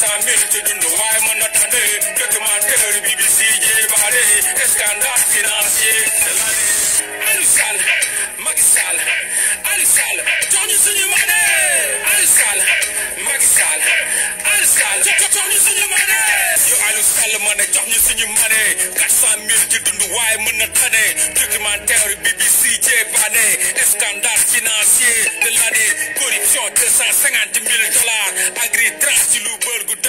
assignment du noir mon attendé documentaire BBC j'ai parlé scandale financier de l'année c'est 000 qui Yo documentaire BBC scandale financier de l'année corruption 250 000 dollars agri trans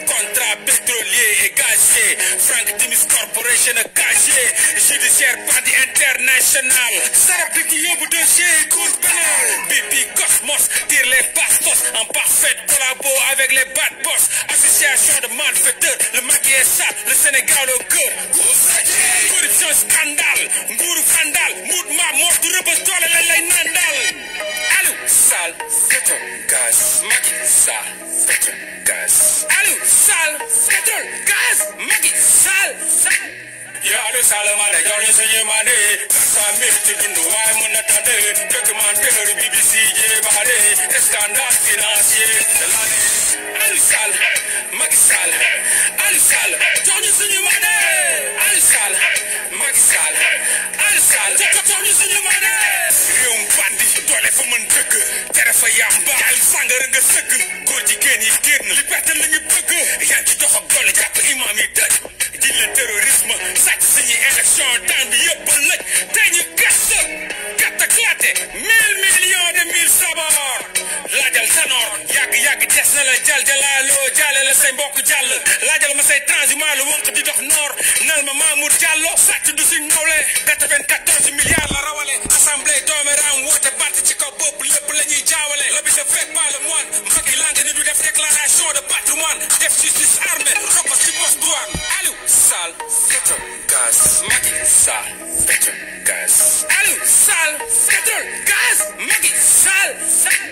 contrat pétrolier et gazier Frank Timis Corporation judiciaire party international de yóbbu dossier court BP Cosmos tire les pastos en parfaite avec les bad boss, association de malfaiteurs, le maquillage sale, le Sénégal au cœur. Corruption scandale, mouru scandale, mood ma mort, du doole le lay naan Allo, sale, Sall pétrole gaz Macky Sall pétrole gaz. Aliou Sall pétrole gaz sale, sale. Yerusalem'e görünsün yemanı Samis tübün duvay mınatanı Dokümantör BBC yebari Eskandal finansiye Delali Ansal Magisal Ansal Görünsün yemanı Ansal Magisal Ansal Görünsün yemanı Riyum bandi Dole fımın tıkı Tarafa yamba El sangarın gısıkı Gordi geni gırn Libertin lingi bıkı Yanki doha gole Kapı imami tıkı élection temps bi yëpp a lëj te ñu gëstu gëtt klaate mille millions de mille sabar des na la jal jalaaloo jalle say mbokk jàll laajal ma say transhumant lu wënq di dox noor nal ma Mamour Diallo sàcc du sal petrol, gas. Alou, sal petrol, gas. Make it sale, sale.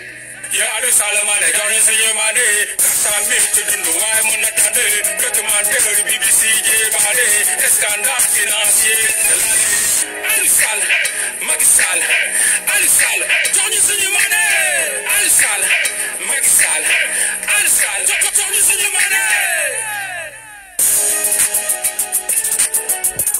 Yeah, I sal Solomon, I don't see your money. Cause I'm mixed to the why I'm not a day. Look at BBC, J my day. Let's go knock in on yeah. Alou, sale, make it sale. Alou, sale, don't see your money. Alou, sal. make it sale. Alou, sale, don't see your money.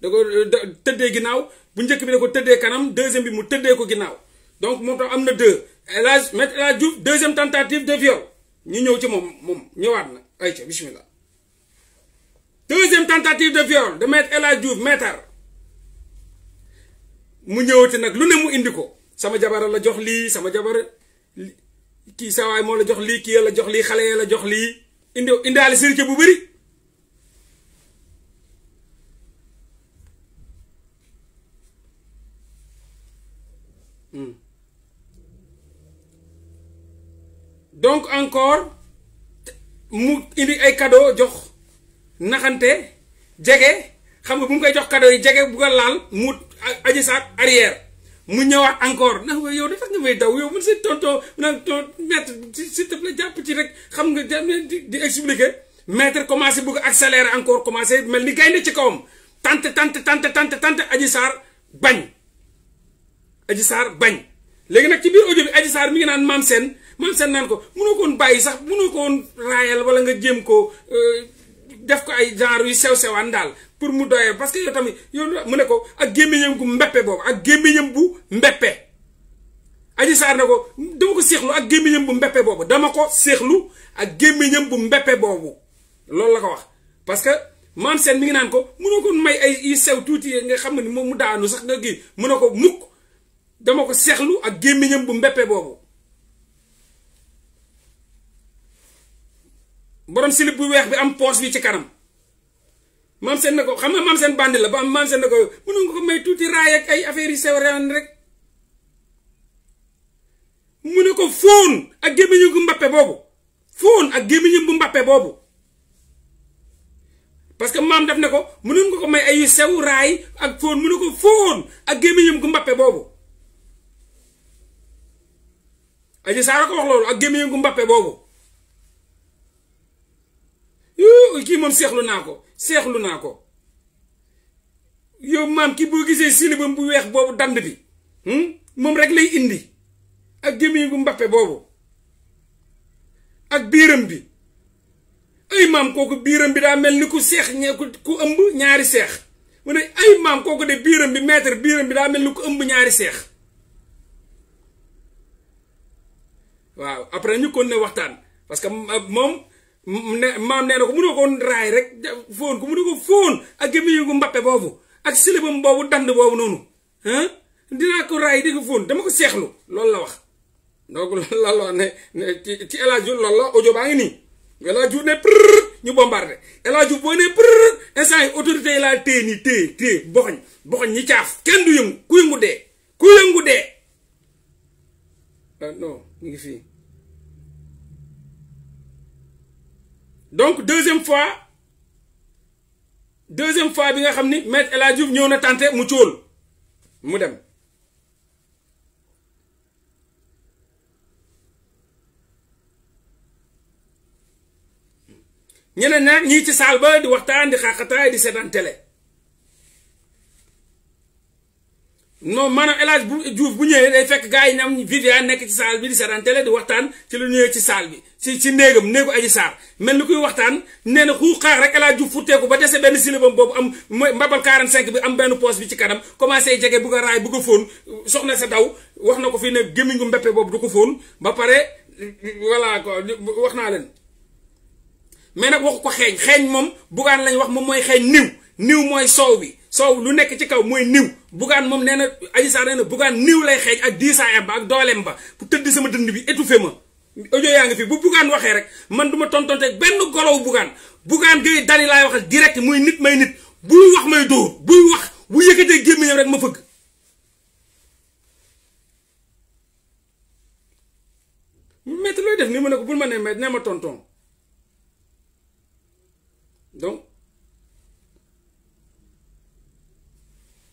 da ko tëddee ginnaaw bu njëkk bi da ko tëddee kanam deuxième bi mu tëddee ko ginnaaw donc moom tam am na deux El Hadj Maître El Hadj Diouf deuxième tentative de viol ñu ñëw ci moom moom ñëwaat na ayca bismillah deuxième tentative de viol de Maître El Hadj Diouf Maître mu ñëwati nag lu ne mu indi ko sama jabar la jox lii sama jabar kii sawaay moo la jox lii kii la jox lii xale ya la jox lii indi indaale sërite bu bëri donc encore mu indi ay cadeau jox naxante jege xam nga bu ngui jox cadeau yi jege bu ko laal mu aji saat arrière mu ñëwaat encore nak waaye yow dafa nga may daw yow mu sa tonto nag ton maître s'il te plaît japp ci rek xam nga dem di di expliquer maître commencé bëgg accélérer encore commencé mel ni gaynde ci kawam tante tante tante tante tante aji sar, bagn aji sar bagn léegi nag ci biir audio bi Adji Sarr mi ngi naan maam seen maam seen naan ko mënoo ko woon bàyyi sax mënoo ko woon raayal wala nga jéem ko euh, def ko ay genre yu sew sewaan daal pour mu doyee parce que yow tamit yow mu ne ko ak gémmiñam gu mbeppe boobu ak gémmiñam bu mbeppe Adji Sarr ne ko dama ko séexlu ak gémmiñam bu mbeppe boobu dama ko séexlu ak gémmiñam bu mbeppe boobu loolu la ko wax parce que maam mi ngi ko mënoo may ay yu sew tuuti nga xam ne moom mu daanu sax nga gi mënoo ko mukk dama ko seexlu ak gémmiñam bu mbeppe bobu borom silib bu wex bi am poos bi ci karam mam sen nako xam nga mam sen bandi la ba am maam seen na ko ko may tuuti ray ak ay affaire yi sew reen rek munu ko fóon ak bu mbeppe bobu ak bu mbeppe bobu parce que mam daf nako ko ko may ay sew ray ak fóon munu ko fóon ak gu mbeppe bobu Adji Sarr ko wax loolu ak gémmiñu gu Mbappé boobu yu kii moom seexlu naa ko seexlu naa ko yow maam ki boo gisee silibam bu weex boobu dand bi hmm? moom rek lay indi ak gémmiñu gu Mbappé boobu ak biiram bi ay maam kooku biiram bi daa mel ni ku seex ñee ku ëmb ñaari seex mu ne ay maam kooku de biiram bi maître biiram bi daa mel ni ku ëmb ñaari seex waaw après ñu kon ne waxtaan parce que moom ne maam nee ko mënoo ko raay rek fóon ko mënoo ko fóon ak gémmiñu gu mbappe boobu ak silibam boobu dand boobu noonu dinaa ko raay di ko fóon dama ko seexlu loolu la wax donc loolu la ne ci ci El Hadj la audio baa ngi nii El Hadj ne prrr ñu bombardé El Hadj boo ne prrr instant yi autorité yi laa téye nii téye téye boxoñ boxoñ ñi caaf kenn du yëngu ku yëngu dee ku yëngu dee ah, ngi fii donc deuxième fois deuxième fois bi nga xam ni maître El Hadj Diouf na tànte mu cóol mu dem ñeneen nag ñii ci saal ba di waxtaan di xaaxataay di seetaan non man El Hadj bu Diouf bu ñëwee day fekk gars yi ñoom Viviane nekk ci saal bi di seetaan télé di waxtaan ci lu ñëwee ci saal bi ci ci néegam néegu aji saar mel ni kuy waxtaan nee na xuuxaar rek El Hadj Diouf futteeku ba dese benn silibam boobu am mbabal 45 bi am benn poos bi ci kanam commencé jege bugg a raay bugg a fóon soxna sa daw wax na ko fii ne gémmiñu mbeppe boobu du ko fóon ba pare voilà quoi wax naa leen mais nag waxu ko xeeñ xeeñ moom bugaan lañ wax moom mooy xeeñ niw niw mooy soow bi soow lu nekk ci kaw mooy niw bugaan moom nee na Adji Sarr nee na bugaan niw lay xeej ak diisaayam ba ak dooleem ba pour tëdd sama dënd bi fe ma audio yaa ngi fi bu bugaan waxee rek man du ma tontonte benn golow bugaan bugaan gay dali wax waxal direct muy nit may nit buy wax may dóor buy wax bu yëkkatee gémmiñam rek ma fëgg metti looy def ni ma ne ko bul ma ne ma ne ma tonton donc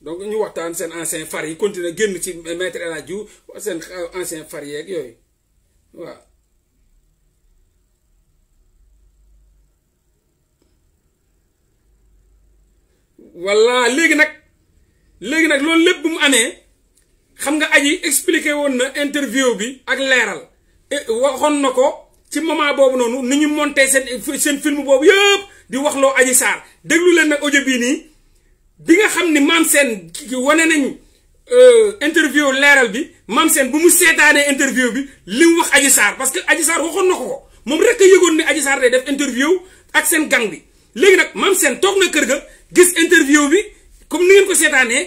donc ñu waxtaan seen ancien far yi continuer génn ci maître El Hadj Diouf seen euh, ancien far yeeg yooyu waaw voilà léegi nag léegi nag loolu lépp bu mu amee xam nga aji expliqué woon na interview bi ak leeral waxoon na ko ci moment boobu noonu ni ñu monté seen seen film boobu yëpp di wax loo aji saar déglu leen nag audio bii nii bi nga xam ni maam seen wane nañu euh, interview leeral bi maam seen bu mu seetaanee interview bi li mu wax Adji Sarr parce que Adji saar waxoon na ko ko moom rek a yëgoon ni Adji saar day def interview ak seen gang bi léegi nag maam seen toog na kër ga gis interview bi comme ni ngeen ko seetaanee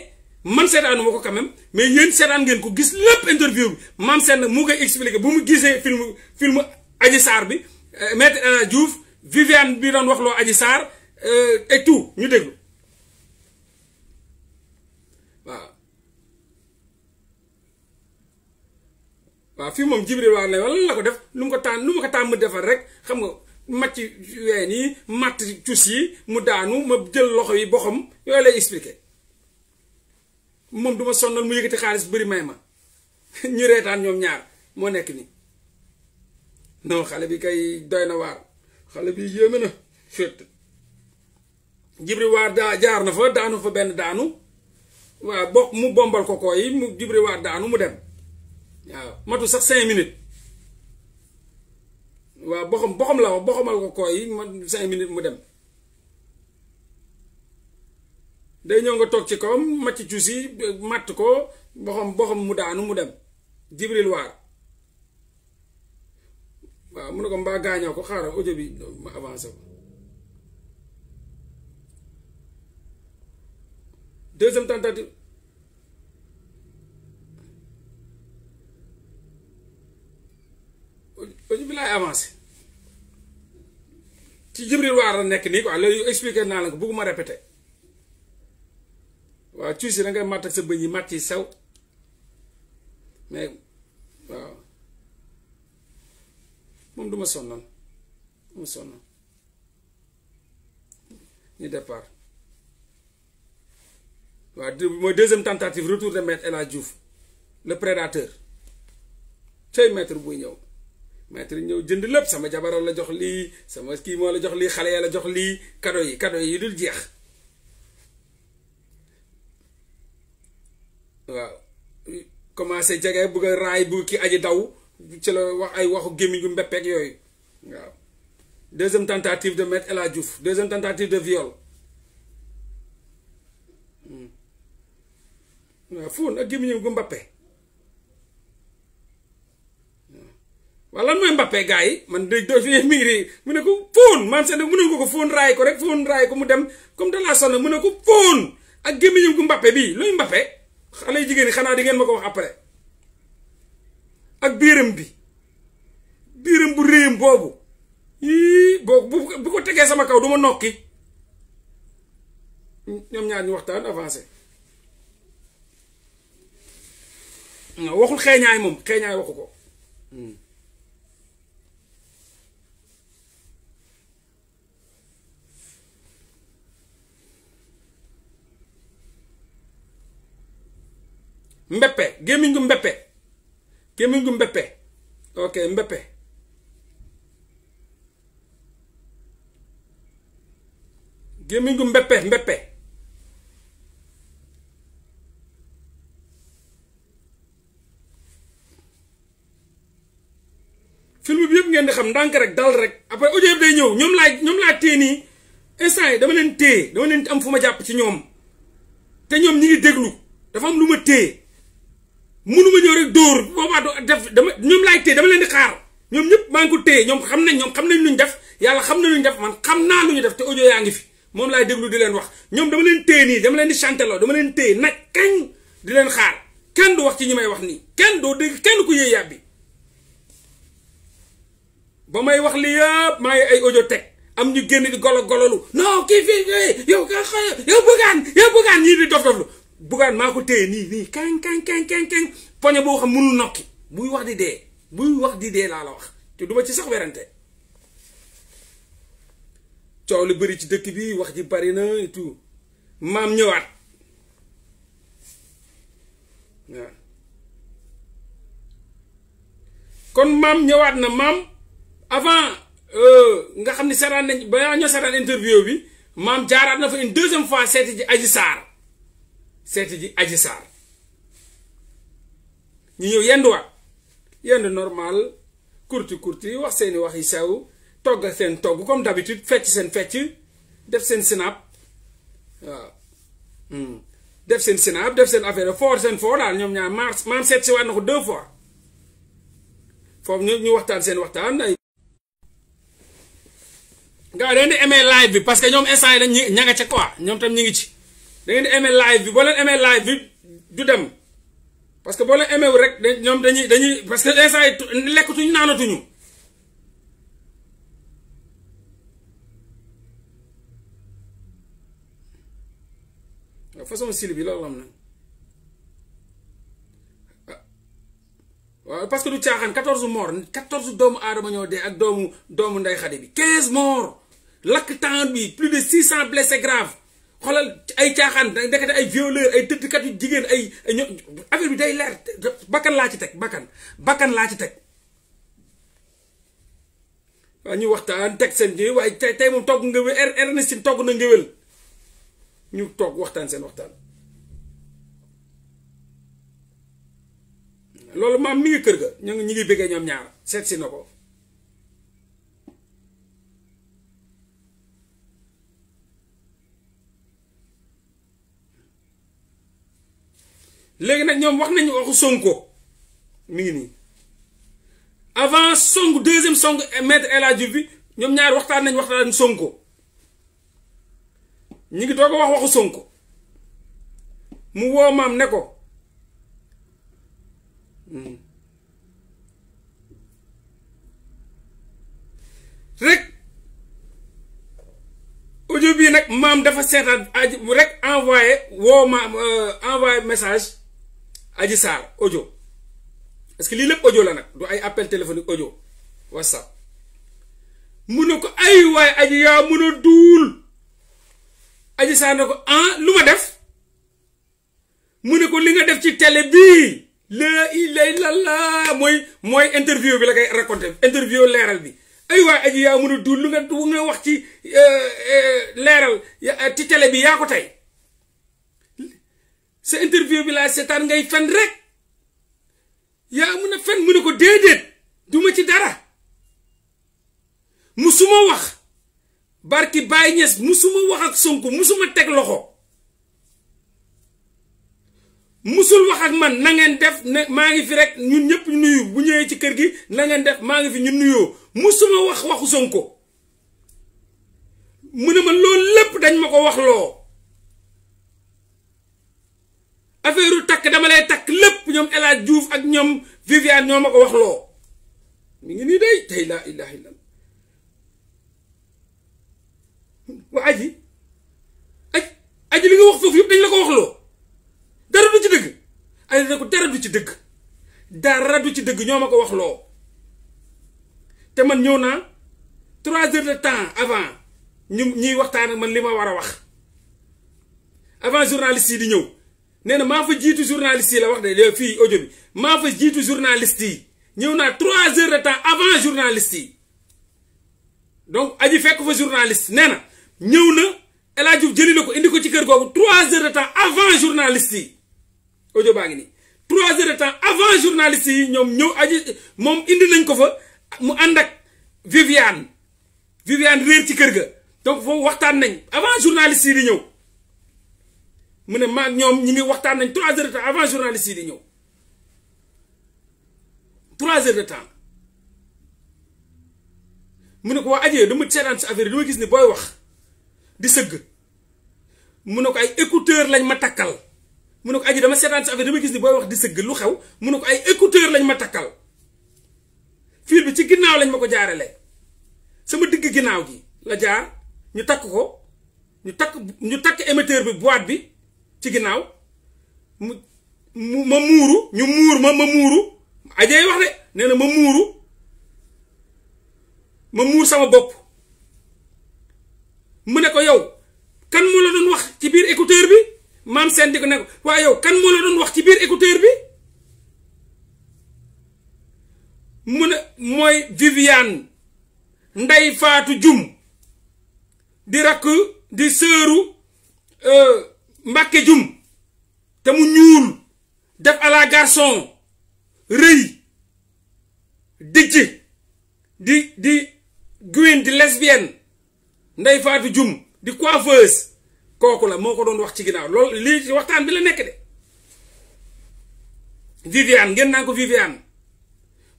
man seetaanu ma ko quand mais yéen seetaan ngeen ko gis lépp interview bi maam seen nag mu koy expliqué bu mu gisee film film Adji saar bi euh, maître euh, Diouf Viviane bi doon wax loo Adji Sarr et tout ñu déglu. waaw fii moom jibril wax la wala la ko def lu mu ko tànn lu ma ko tàmm defal rek xam nga macc ween yi matt cus yi mu daanu ma jël loxo yi boxam yooyu lay expliqué moom du ma sonnal mu yëkkati xaalis bëri may ma ñu reetaan ñoom ñaar moo nekk nii non xale bi kay doy na waar xale bi yéeme na fett jibril waar daa jaar na fa daanu fa benn daanu waaw bo mu bombal ko kooyi mu jibril waar daanu mu dem waaw matu sax cinq minutes waaw boxam boxam la wax boxamal ko kooy yi cinq minutes mu dem day ñëw nga toog ci kawam macc cuus yi màtt ko boxam boxam mu daanu mu dem jibril waar waaw mu ne ko mbaa gaañoo ko xaaral audio bi ma avancé ko ba ci bi laay avancé ci Jibril Waar la nekk nii quoi léegi expliqué naa la ko bugguma répété waa cuusi da ngay ak sa bëñ yi màtt yi sew mais waaw moom du ma sonnal du ma sonnal ñu départ waaw mooy deuxième tentative retour de maître El la Diouf le prédateur tey maître buy ñëw maître ñëw jënd lépp sama jabaral la jox lii sama kii moo la jox lii xale ya la jox lii kado yi kado yi dul jeex waaw commencé jege bugg a raay bu ki aji daw ci la wax ay waxu gémmiñ gu mbéppeek yooyu waaw deuxième tentative de maître El Hadj Diouf deuxième tentative de viol hmm. waaw fóon ak gémmiñam gu mbappe wala mooy Mbappé gars yi man de do fi mi ngi mu ne ko fóon man seen mënoon ko ko fóon ray ko rek fóon ray ko mu dem comme de la sonne mu ne ko fóon ak gemiñum ko Mbappé bi loy Mbappé xalé jigéni xana di ngeen mako wax après ak biiram bi biiram bu reem bobu yi boo bu ko tegee sama kaw duma nokki ñom ñaar ñu waxtaan avancé waxul xeeñaay mom xeeñaay waxuko hmm. Mbappé gémmiñ gu Mbappé gémmiñ gu Mbappé ok Mbappé gémmiñ gu Mbappé Mbappé film bi yëpp ngeen di xam ndànk rek dal rek après audio yëpp day ñëw ñoom laay ñoom laa téye nii instant yi dama leen téye dama leen am fu ma jàpp ci ñoom te ñoom ñi ngi déglu dafa am lu ma téye mënuma ñëw rek dóor boobaa do def ñom lay té dama leen di xaar ñom ñëpp ma ngi té ñom xam nañ ñom xam nañ luñ def yalla xam nañ luñ def man xam na lu def té audio yaa ngi fi mom lay déglu di leen wax ñom dama leen té ni dama leen di chanter lo dama leen té nag kañ di leen xaar kenn du wax ci ñimay wax ni kenn do dégg kenn ku yey yàbbi ba may wax li yëpp may ay audio teg am ñu genn di golo gololu non ki fi yow ka yow bëggaan yow bëggaan ñi di dof doflu bukan mako ko ni ni nii keng keng keng keng keng bo xam mënul nokki buy wax di dee buy wax di dee la la wax te duma ci sax werante ciow li bëri ci dëkk bi wax ji bari na et tout mam ñëwaat kon mam ñëwaat na mam avant euh, nga xamni ne ba ñu saraan interview bi mam jaarat na fa une deuxième fois seeti ji aji sar seeti ji aji saar ñu yendu wa yendu normal kurti kurti wax seeni wax yi sew togg seen togg comme d'habitude fecc seen fecc def seen sinap hmm. def seen sinap def seen affaire foor seen foor dal ñom ñaar mars man set ci waat ko deux fois fof ñu ñu waxtaan seen waxtaan ay nga leen di aimé live bi parce que ñom instant yi dañ ña nga ca quoi ñom tam ñi ngi ci da aimé live vie, vous aimé live du dem parce que vous avez aimé vie, rek ñom dañuy parce que instant yi De toute façon style bi am na parce que du caaxaan 14 morts, 14 doomu ñoo ak doomu doomu nday temps plus de 600 blessés graves xoolal ay caaxaan ndekete ay violeur ay tëddkat yu jigéen ay affaire bi day leer bakkan laa ci teg bakkan bakkan laa ci teg waaw ñu waxtaan teg seen ji waaye tey tey moom togg ngéwél si togg na ngéwél ñu toog waxtaan seen waxtaan loolu maam mi ngi kër ga ñu ngi ñu ngi bëggee ñoom ñaar seet si na ko léegi nag ñoom wax nañu waxu Sonko mi ngi nii avant sonk deuxième song maître El Hadji bi ñoom ñaar waxtaan nañ waxtaan Sonko ñi ngi doog a wax waxu Sonko mu woo maam ne ko hmm. rek audio bii nag maam dafa seetaan aji rek envoyé woo maam euh, envoyé message aji sar audio parce que li lepp audio la nak du ay appel téléphonique audio whatsapp mu ko ay way aji ya muno dul, aji sar nako ah def mu ko li nga def ci télé bi la ilaha illallah moy moy interview bi la kay raconter interview leral bi ay way aji ya muno dul, lu nga wax ci euh, euh, leral ya, ci télé bi ya ko tay sa interview bi la setan ngay fen rek ya amuna fen mu ne ko dedet duma ci dara musuma wax barki Baye ñes musuma wax ak sonku musuma tek loxo musul wax ak man na ngeen def ma ngi fi rek ñun ñëpp nuyu bu ci kër gi na ngeen def ma ngi fi ñun nuyu musuma wax waxu Sonko mune ma lepp dañ mako wax loo affaireu tak dama lay tak lepp ñom ela djouf ak ñom vivian ñomako wax lo mi ngi ni day tay la ilaha illallah wa aji aj aji li nga wax fofu yëpp dañ la ko wax lo dara du ci deug ay na dara du ci deug dara du ci deug ñomako wax lo te man ñëw naa trois heures de temps avant ñi waxtaan ak man lima wara wax avant journaliste yi di ñew nee na maa fa jiitu journaliste yi la wax de fii audio bi maa fa jiitu journaliste yi ñëw naa trois heures de temps avant journaliste yi donc aji fekk fa journaliste nee na ñëw na El Hadj Diouf ko indi ko ci kër googu trois heures de temps avant journaliste yi audio baa ngi nii trois heures de temps avant journaliste yi ñoom ñëw aji moom indi nañ ko fa mu ànd ak Viviane Viviane réer ci kër ga donc foofu waxtaan nañ avant journaliste yi di ñëw mune ma ñom ñi ngi waxtaan nañ 3 heures de temps avant journaliste yi di ñew 3 heures de temps mune ko wa adje dama seetaan ci affaire yi dama gis ni boy wax di seug mune ko ay écouteur lañ ma takal mune ko adje dama seetaan ci affaire dama gis ni boy wax di seug lu xew mune ko ay écouteur lañ ma takal fil bi ci ginnaw lañ mako jaarale sama digg ginnaw gi la jaar ñu tak ko ñu tak ñu tak émetteur bi boîte bi ci ginnaaw nyumur ma muuru ñu muur ma ma muuru ajay wax de nee ma muuru ma muur sama bopp mu ne ko yow kan moo la doon wax ci biir écouteur bi maam seen di ko ne ko yow kan moo la doon wax ci biir écouteur bi mu ne mooy vivian Ndey Faatu Jum di rakk di sëru euh, mbàkke jum te mu ñuul def à la garçon rëy dijj di di gwin di lesbienne ndey faatu jum di coiffeuse kooku la moo ko doon wax ci ginnaaw lool lii waxtaan bi la nekk de Viviane ngeen naan ko Viviane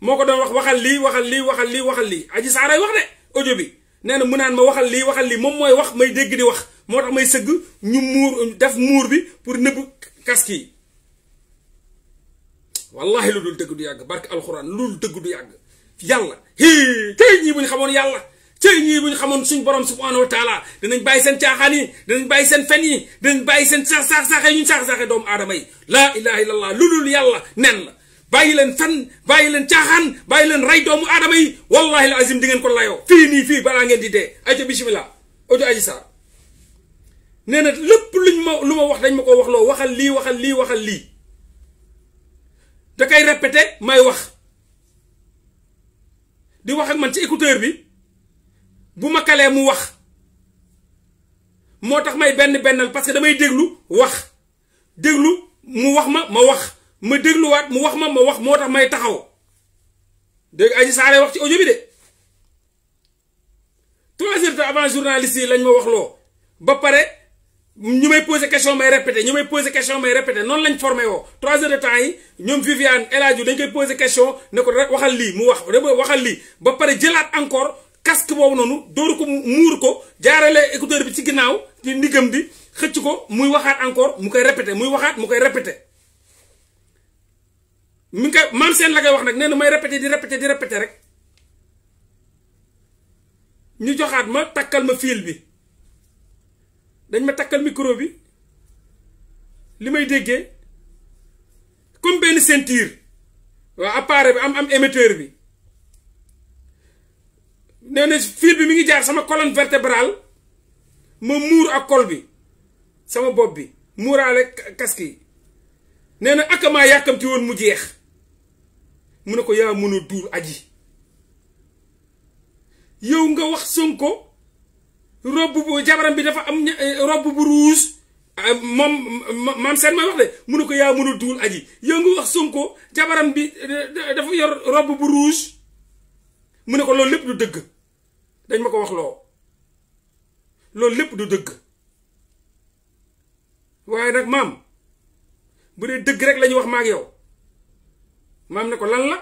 moo ko doon wax waxal lii waxal lii waxal lii waxal lii aji saaray wax de audio bi nee na mu naan ma waxal lii waxal lii moom mooy wax may dégg di wax motax may seug ñu murbi, def mur bi pour neub casque yi wallahi lu dul deug du yag barke alcorane lu dul deug du yag yalla hi tay ñi buñ xamone yalla tay ñi buñ xamone ñu suñ borom subhanahu wa taala dinañ bayyi sen tiaxani dinañ bayyi sen fen yi dinañ bayyi sen sax sax sax ñu sax saxe doom adamay la ilaha illallah lu dul yalla nen la bàyyi leen fen bàyyi leen caaxaan bàyyi leen rey doomu wallahi alazim azim di ngeen ko layo fi ni fi bala ngeen di aja bismillah ojo aji sa. nee na lépp luñ ma lu ma wax dañ ma ko wax loo waxal lii waxal lii waxal lii dakay koy répété may wax di wax ak man ci écouteur bi bu ma kalee mu wax moo tax may benn bennal parce que damay déglu wax déglu mu wax ma ma wax ma dégluwaat mu wax ma ma wax moo tax may taxaw dégg Adji Sarr wax ci audio bi de trois heures avant journaliste yi lañ ma wax ba pare ñu me question may répété question may répété Non lañ formé trois heures de temps vous Viviane El dañ question ne ko waxal mu waxal encore casque boobu noonu dooru ko ko jaarale écouteur bi ci ginaaw ci bi encore mu koy répéter muy waxat mu koy répéter mi ngi sen la wax nak de may répéter di di rek ñu ma ma fil dañ ma takkal micro bi li may déggee comme benn ceinture waaw appareil bi am am émetteur bi nee na fil bi mi ngi jaar sama colonne vertébrale ma muur ak col bi sama bopp bi muuraale casque yi nee na ak yàkkamti woon mu jeex mu ne ko yaa mën a duur aji yow nga wax Sonko robbu bu jabaram bi dafa am eh, robbu bu rouge ah, mom mam sen ma wax de mu ne ko yaa aji yow nga wax Sonko jabaram bi eh, dafa yor robbu bu rouge mu ne ko du deug dañ mako wax lo lol lepp du deug waye nak mam bu dee rek la wax mak yow mam ne ko lan la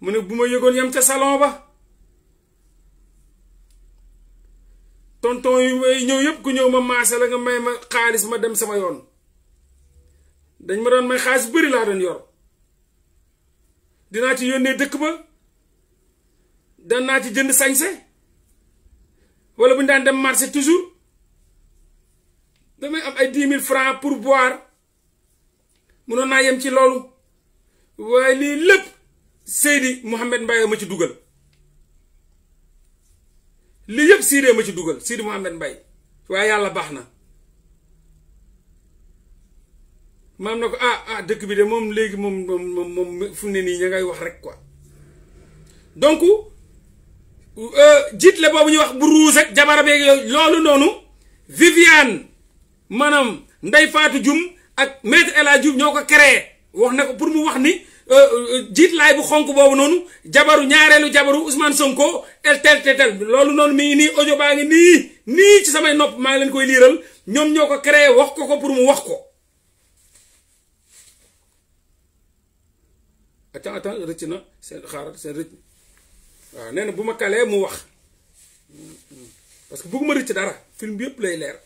mune buma bu yam ca salon ba tonton yu way ñëw yëpp ku ñëw ma maase la nga may ma xaalis ma dem sama yoon dañ ma doon may xaalis bu bëri laa doon yor dinaa ci yónnee dëkk ba danaa ci jënd sañse wala bu ñu daan dem marché toujours damay am ay dix mille francs pour boire mënoon naa yem ci loolu waaye lii lépp Seydi Mouhamed Mbaye ma ci dugal li yëpp Sidy ma ci dugal Sidy Mouhamed Mbaye waaye yàlla baax na maam na ko ah ah dëkk bi de moom léegi moom moom moom fu ne nii ña ngay wax rek ko donc euh, jiitle boobu ñuy wax bu ruus ak jabara loolu noonu Viviane maanaam Ndeye faatu jum ak maître El Hadj Dioum ñoo ko créé wax na ko pour mu wax ni Euh, euh, jiitlaay bu xonk boobu noonu jabaru ñaareelu jabaru Ousmane Sonko tel tel tel loolu noonu mi ngi nii audio baa ngi nii nii ci samay nopp maa ngi leen koy liiral ñoom ñoo ko créé wax ko ko pour mu wax ko. attends attends rëcc na seen xaaral seen rëcc waaw nee na bu ma kalee mu wax parce que bëgguma rëcc dara film bi yëpp lay leer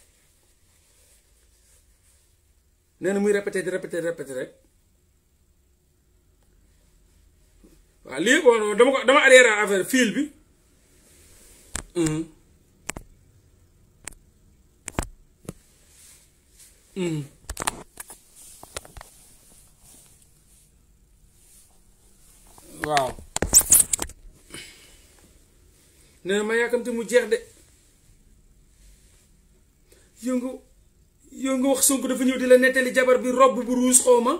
nee na muy répété di répété répété rek. waaw lii bon dama ko dama adhéré affaire fil bi hmm. Hmm. waaw nee na ma yàkkamte mu jeex de yow nga yow nga wax Sonko dafa ñëw di la nettali jabar bi robb bu ruus xaw ma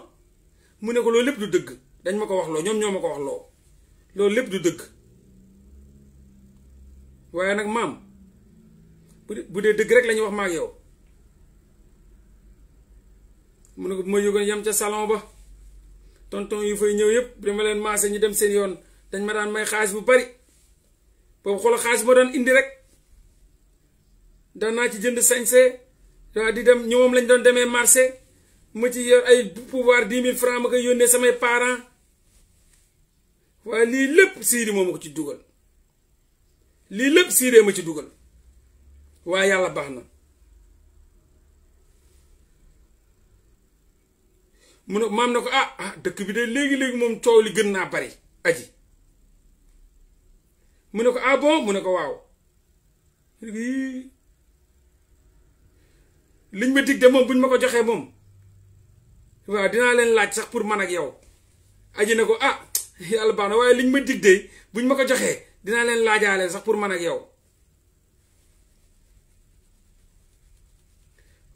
mu ne ko loolu lépp du dëgg dañ ma wax loo ñoom ñoo ko wax loo loolu lépp du dëgg waaye nag maam bu dee dëgg rek la wax maag yow mun ne ko bu ma yógoon yem ca salon ba tonton yu fay ñëw yëpp dama leen maase ñu dem seen yoon dañ ma daan may xaalis bu bari boobu xool xaalis ma doon indi rek daan naa ci jënd sañse waa di dem ñoom lañ doon demee marché ma ci yor ay pouvoir dix mille francs ma koy yónnee samay parent waaye li lepp siiri moom ko ci dugal li lepp siiree ma ci duggal waaye yalla baxna mu ne ah ah bi de léegi-léegi mom coow li gën na bari aji mu ne ko ah bon mu ne ko liñ ma dig de mom buñ mako joxe mom wa dina len laaj sax pour man ak yow aji nako ah yàlla baax na waaye liñ ma dig de buñ ma ko joxee dinaa leen laajaale sax pour man ak yow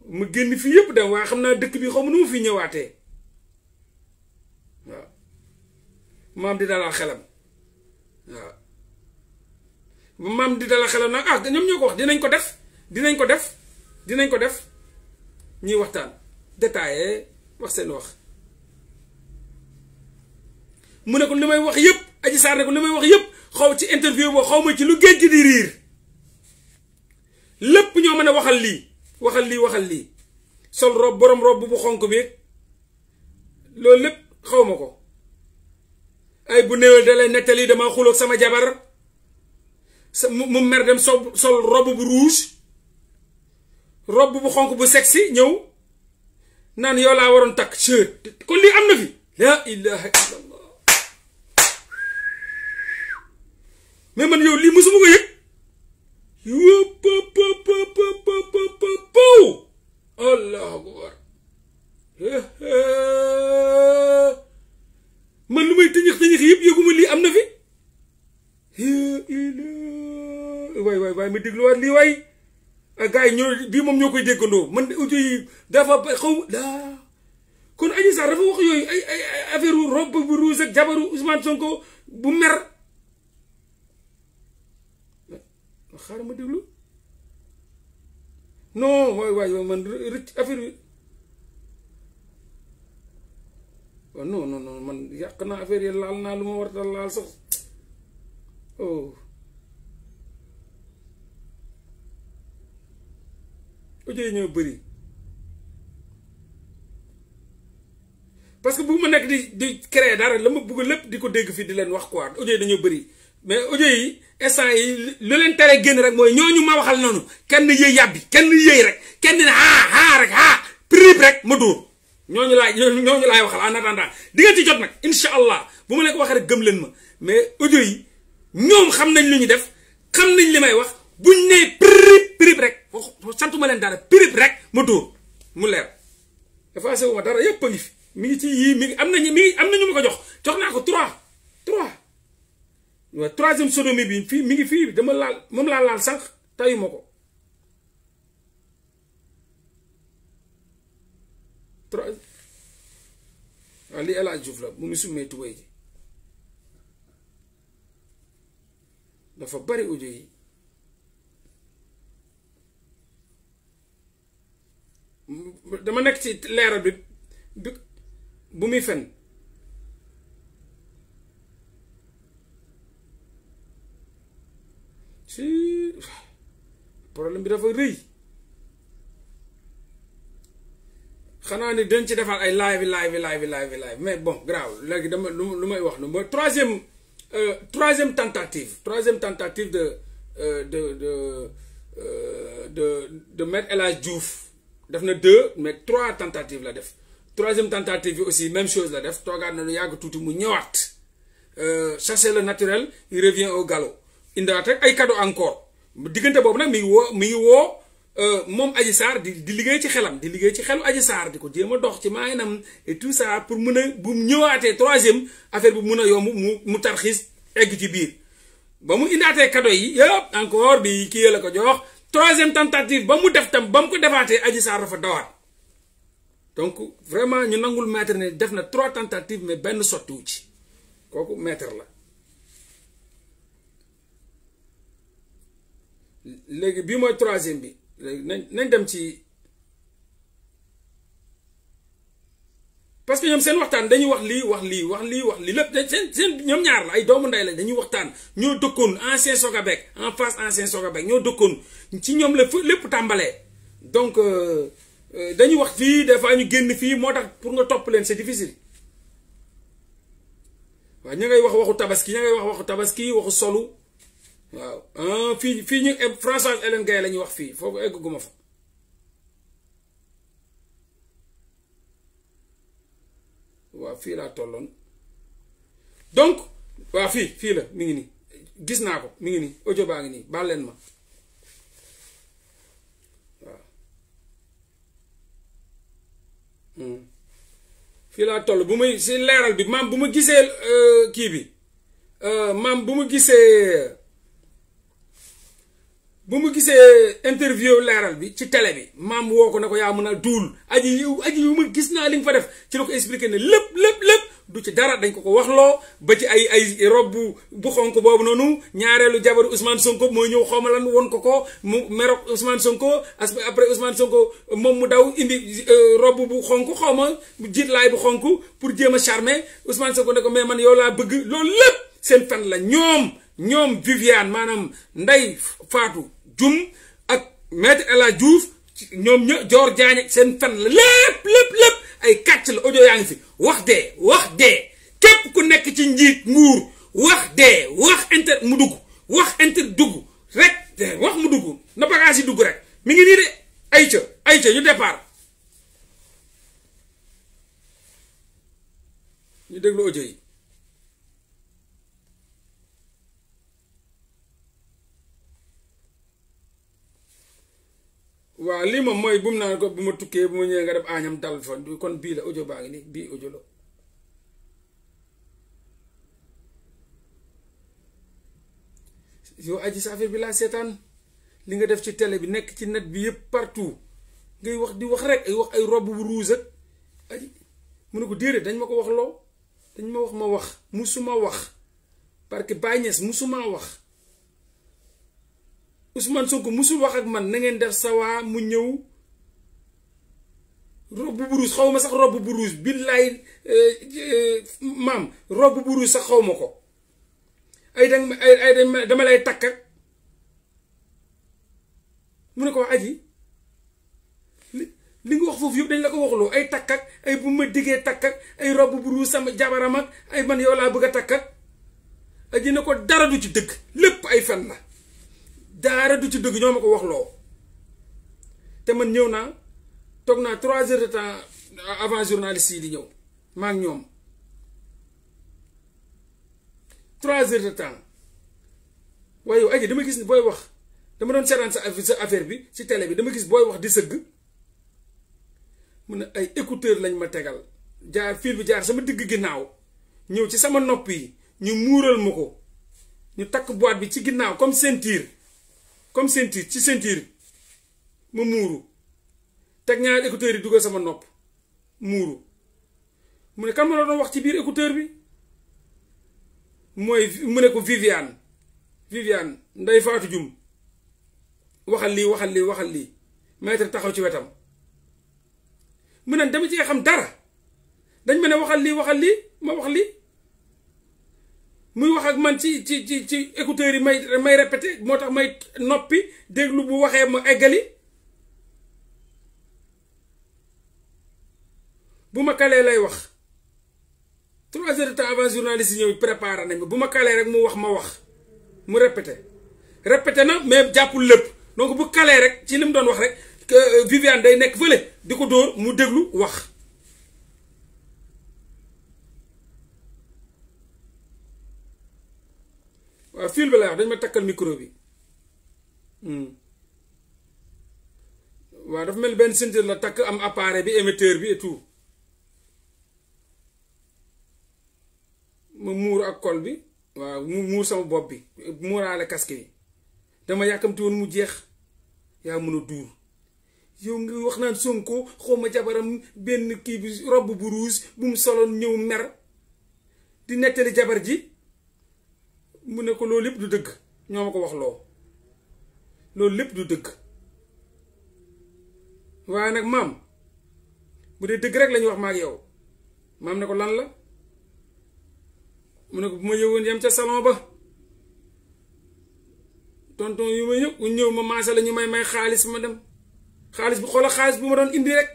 mu génn fii yëpp dem waaye xam naa dëkk bi xaw ma fi ñëwaatee waaw maam di dalal xelam waaw maam di dalal xelam nag ah ñoom ñoo ko wax dinañ ko def dinañ ko def dinañ ko def ñuy waxtaan détaillé wax seen wax muné ko limay wax yëpp aji sar ne ko limay wax yëpp xaw ci interview bo xawma ci lu géej di rir lépp ñoo mëna waxal li waxal li waxal li sol rob borom rob bu xonk bi loolu lépp xawma ko ay bu néewal da lay netali dama xulok sama jabar mu mer dem sol sol rob bu rouge rob bu xonk bu sexy ñëw nan yo la waron tak sër ko li amna fi la ilaha illallah mais man yow lii mosuma ko yëg wópp oh! allahu akbar eh, eh. man lu may tëñëx tëñëx yëpp yëguma lii am na fi waay waay waay ma dégluwaat lii waay ah, gars yi ñoo bii moom ñoo koy déggandoo man audio yi dafa xaw laa kon Adji Sarr dafa wax yooyu ay ay affaire robe bu rouge ak jabaru Ousmane Sonko bu mer xaaral ma déglu non way way man rëcc ya affaire yi waaw non non non man yàq naa affaire yi ya laal na luma warta laal sax oh, oh audio yi ñoo bëri parce que bu ma di di créer dara la ma bëgg lépp di ko dégg fii di leen wax quoi audio dañoo bëri. mais audio yi instant yi lu leen tere génn rek mooy ñooñu ma waxal noonu kenn yëy yàbbi kenn yëy rek kenn ne haa haa rek haa prib rek ma dóor ñooñu laay ñooñu laay waxal en attendant di ngeen ci jot nag incha allah bu ma leen ko waxee rek gëm leen ma mais audio yi ñoom xam nañ lu ñu def xam nañ li may wax buñ nee prib prib rek santuma leen dara prib rek ma dóor mu leer effacé wu ma dara yëpp a ngi mi ngi ci yii mi am na ñu ngi am nañu ma ko jox jox naa ko trois trois waaw troisième sodomie bi fi mi ngi fi dama laal mom la laal sax tayuma ko trois ali ala El Hadj Diouf la mu ngi summee tubéy ji dafa bari audio yi dama nek ci leeral bi bu mi fenn si problème bi dafa rëy xanaa ne dañ ci defal ay live live live live live mais bon grave legui dama lu wax lu mooy troisième euh, troisième tentative troisième tentative de euh, de de euh, de de mettre El Hadj Diouf def na deux mais trois tentatives la def troisième tentative aussi même chose la def toogaat na lu yag tuuti mu ñëwaat chasser le naturel il revient au galop indiwaat ay cadeau encore diggante boobu nag mi woo mi ngi woo euh, moom Adji Sarr di di liggéey ci xelam di liggéey ci xelu Adji saar di ko jéema a dox ci maanaam et tout ça pour mun a bu ñëwaatee troisième affaire bi mun a yomb mu mu tarxiis egg ci biir ba mu indaatee cadeau yi yëpp encore bi kii la ko jox troisième tentative ba mu def tam ba mu ko defaatee Adji Sarr dafa dawaat donc vraiment ñu nangul maître ne def na trois tentatives mais benn sottiwu ci kooku maître la. Le moy 3 troisième bi nañ dem ci parce que ñom seen waxtaan dañuy wax li wax li wax li wax li lepp seen ñom ñaar ay doomu dañuy ancien Sogabek en face ancien Sogabek ñoo dekkone ci ñom le, lepp tambalé donc euh, euh, dañuy wax des fois ñu pour nga c'est difficile wax waxu tabaski wax waxu tabaski waxu waaw ah, fii fii ñu Françoise Hélène Gaye la ñuy wax fii foofu egguma fa waaw fii laa tolloon donc waaw fii fii la mi ngi nii gis naa ko mi ngi nii audio baa ngi nii baal leen ma waaw hmm. fii laa toll bu may si leeral bi maam bu ma gisee euh, kii bi euh, maam bu ma gisee bu mu gisee interview leeral bi ci tele bi maam woo ko ne ko yaa mën a duul aj yow aji yu ma gis naa li nga fa def ci la ko expliqué ne lépp lépp lépp du ci dara dañ ko ko wax waxloo ba ci ay ay rob bu bu xonk boobu noonu ñaareelu jabaru Ousmane Sonko mooy ñëw xoomalan won ko ko mu merok Ousmane Sonko après Ousmane Sonko moom mu daw indi euh, rob bu xonk xawma jiitlaay bu xonk pour jéem a charmer Ousmane Sonko ne ko mais man yow laa bëgg loolu lépp seen fen la ñoom ñoom Viviane maanaam Ndeye Fatou Dioum ak maître El Hadj Diouf ñoom ñë jaan Diagne seen fen la lépp lépp ay kàcc la audio yaa ngi fi wax dee wax dee képp ku nekk ci njiit nguur wax dee wax inter mu dugg wax inter dugg rek wax mu dugg na bagage dugg rek mi ngi nii de ayca ayca ñu départ ñu déglu audio yi lima moy moom mooy bu mu ko bu ma bu nga def añam dal fa kon bi la audio baa ngi audio aji sa bi la setan li nga def ci télé bi nek ci net bi yëpp partout ngay wax di wax rek ay wax ay robbu bu rouge ak aji mu ne ko déedéet dañ mako wax lo dañ ma wax ma wax musuma wax parce que musuma wax Ousmane Sonko musul wax ak man na ngeen def sawa mu ñew robbu bu xawma sax robbu bu billahi euh, mam robbu rob sax xaw ko ay dang ay dama lay takk mu ne ko aji li nga wax fofu yeb dañ la ko lo ay takk ak ay bu ma digge ay robbu sama jabaram ak ay man yow la bëgg a ak aji ne dara du ci lepp ay fan la. daara du ci dëgg ñoo ma ko wax loo te man ñëw naa toog naa trois heures de temps avant journaliste yi di ñëw maa ngi ñoom trois heures de temps waaye yow aji dama gis ni booy wax dama doon seetaan sa affaire bi ci télé bi dama gis booy wax di sëgg mu ne ay écouteurs lañ ma tegal jaar fiir bi jaar sama digg ginnaaw ñëw ci sama nopp yi ñu muural ma ko ñu takk boîte bi ci ginnaaw comme ceinture comme ceinture ci ceinture ma muuru teg ñaari écouteurs yi dugal sama nopp muuru mu ne kan ma doon wax ci biir écouteur bi mooy mu ne ko Viviane Viviane nday faatu jum waxal lii waxal lii waxal lii maître taxaw ci wetam mu ne dama ci xam dara dañ ma ne waxal lii waxal lii ma wax lii Je wax ak man ci ci ci ci yi may may répété moo tax bu waxee ma eggali bu ma lay wax trois heures de temps avant journaliste préparé nañ Je bu ma kalee rek mu wax ma wax mu répéter répété na mais jàppul lépp donc bu kalee rek ci lim doon wax rek euh, Viviane day nekk mu wax waaw euh, fil bi lay wax dañ ma takkal micro bi hmm. waaw dafa mel benn ceinture la takk am appareil bi émetteur bi et tout ma muur ak kol bi waaw mu muur sama bopp bi muuraale casque yi dama yàkkamti woon mu jeex yaa mën a duur yow ngi wax naan Sonko xaw ma jabaram benn kii bi robb bu ruus bu mu soloon ñëw mer di nettali jabar ji mu ne ko loolu lépp du dëgg ñoo ko wax loo loolu lépp du dëgg waaye nag maam bu dee dëgg rek la ñuy wax maag yow maam ne ko lan la mu ne ko bu ma yëwoon yem ca salon ba tonton yu ma ñëw ñëw ma maasa la ñu may may xaalis ma dem xaalis bu xoola xaalis bu ma doon indi rek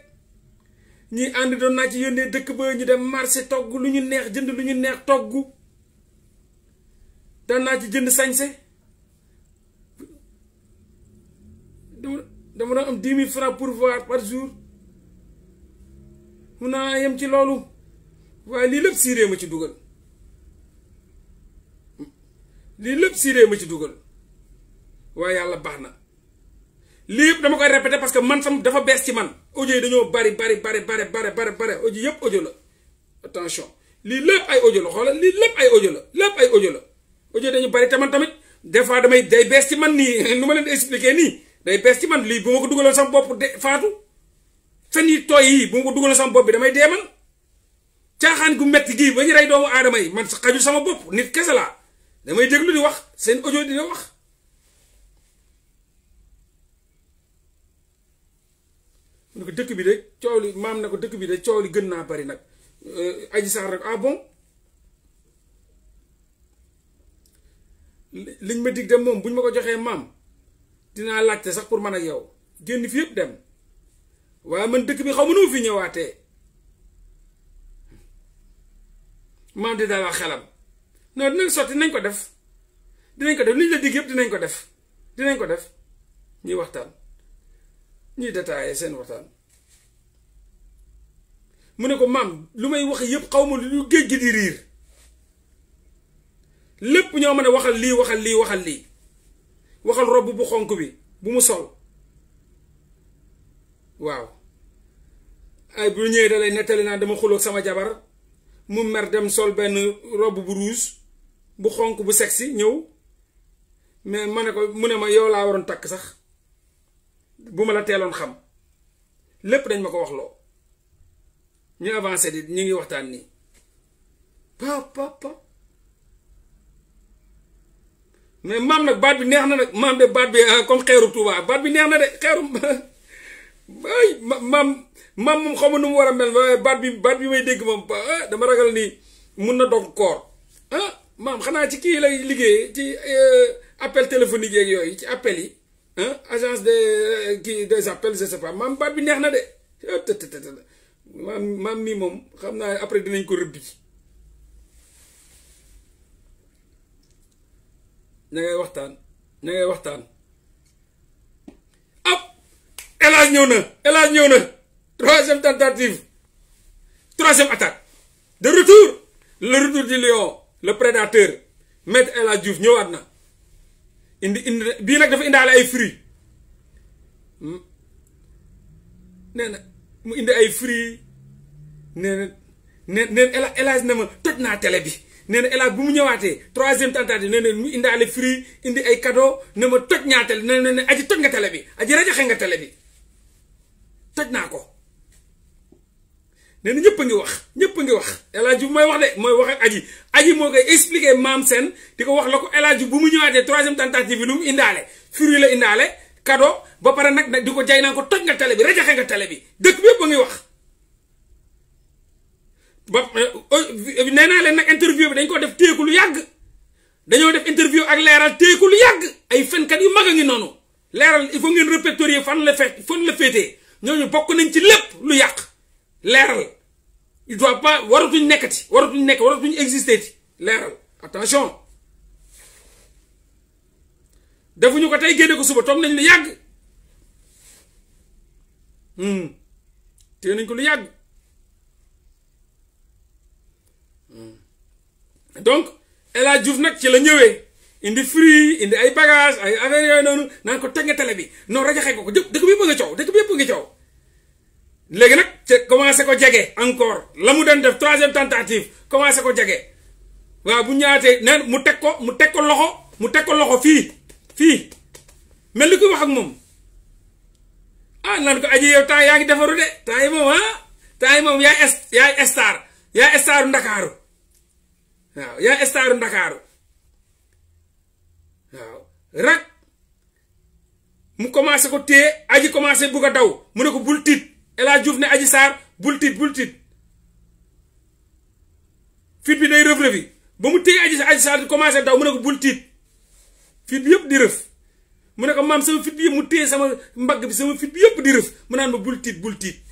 ñi ànd doon naa ci yónnee dëkk ba ñu dem marché togg lu ñu neex jënd lu ñu neex togg danaa ci jënd sañse dama doon am dix mille francs pourvoir par jour mun naa yem ci loolu waaye lii lépp siiree ma ci dugal lii lépp siiree ma ci dugal waaye yàlla baax na lii yëpp dama koy répété parce que man sam dafa bees ci man audio yi dañoo bari bari bari bari bari bari bari audio yëpp audio la attention lii lépp ay audio la xoola lii lépp ay audio la lépp ay audio la jé dañu bari té man tamit des damay day bess ci man ni numa len expliquer ni day bees ci man li bu moko ko dugaloon sama bopp de faatu fen yi tooy yi bu moko ko dugaloon sama bopp bi damay dee man gu metti gi bañu ray doomu adamay man sa xaju sama bop nit kessa la damay déglu di wax seen audio di wax mu ne ko dëkk bi de coow li maam na dëkk bi de li gën bari eh, aji sax rek ah bon liñ ma dig dem moom buñ ma ko joxee maam dinaa laajte sax pour man ak yow génn fi yëpp dem waaye man dëkk bi xaw ma nu fi ñëwaatee maam di daal xelam non dinañ sotti nañ ko def dinañ ko def liñ la dig yëpp dinañ ko def dinañ ko def ñuy waxtaan ñuy détaillé seen waxtaan mu ne ko maam lu may wax yëpp xaw ma lu géej gi di riir lepp ñoo mëna waxal li waxal li waxal li waxal robbu bu xonku bi bu mu sol waaw ay bu ñëwee da lay dama xulok sama jabar mu mer dem sol ben robbu bu rouge bu xonku bu sexy ñëw mais mané ko mu ma yow la waron tak sax bu ma la xam lepp dañ mako wax lo ñu avancer di ñi ngi waxtaan ni pa pa pa mais maam nag baat bi neex na nag maam de baat bi euh, comme xeeru Touba baat bi neex na de xeeru ay maam maam moom xaw ma nu mu war a mel baat bi baat bi may dégg moom euh, dama ragal ni mun na dog koor ah xanaa ci kii lay liggéey ci euh, appel téléphonique yeeg yooyu ci appel yi agence de kii des appels je sais pas maam bi neex na de maam maam mii moom xam naa après dinañ ko rëbbi ña ngay waxtaan ña ngay waxtaan ah El ñëw na El ñëw na troisième tentative troisième attaque de retour le retour du lion le prédateur maître El Hadj Diouf ñëwaat na indi indi bii nag dafa indaale ay fruits hmm. nee na mu indi ay fruits nee na nee na El Hadj ma toj naa télé bi. nee na El bu mu ñëwaatee troisième tentative nee na mu indaale fruit indi ay cadeau ne ma toj ñaa tele nee na aji toj nga tele bi aji rajaxe nga tele bi toj naa ko nee na ñëpp wax ñëpp a wax El Hadj may wax de mooy wax ak aji aji moo koy expliqué maam seen di ko wax la ko El bu mu ñëwaatee troisième tentative bi lu mu indaale fruit la indaale cadeau ba pare nag di ko jay naa ko toj nga tele bi rajaxe nga tele bi dëkk bi yëpp ngi wax. ba nee naa leen nag interview bi dañ ko def téeku lu yàgg dañoo def interview ak leeral téeku lu yàgg ay fenkat yu mag a ngi noonu leeral il faut ngeen répertorier fan la fe fan la féetee ñooñu bokk nañ ci lépp lu yàq leeral il doit pas waratuñ nekkati waratuñ nekk waratuñ exister ci leeral attention defuñu ko tey génne ko suba toog nañ lu yàgg hmm. téye nañ ko lu yàgg donc El Hadj nag ci la ñëwee indi fruits indi ay bagages ay affaires yooyu noonu naan ko teg nga télé bi non rajaxee ko ko dëkk bi yëpp a nga coow dëkk bi yëpp nga coow léegi nag te commencé ko jege encore la mu doon def troisième tentative commencé ko jege waa bu ñaatee neen mu teg ko mu teg ko loxo mu teg ko loxo fii fii mel ni ku wax ak moom ah naan ko aji yow temps yaa ngi defaru de temps yi moom ah temps yi moom yaay star yaay staru Ndakaaru waaw yaay staaru ndakaaru waaw rak mu commencé ko téye aji commencé bugg a daw mu ne ko bul tiit El Hadj ne aji saar bul tiit bul tiit fit bi day rëf rëfi ba mu téye aji aji saar di commencé daw mu ne ko bul tiit fit bi yëpp di rëf mu ne ko maam sama fit bi yëpp mu téye sama mbagg bi sama fit bi yëpp di rëf mu naan ma bul tiit bul tiit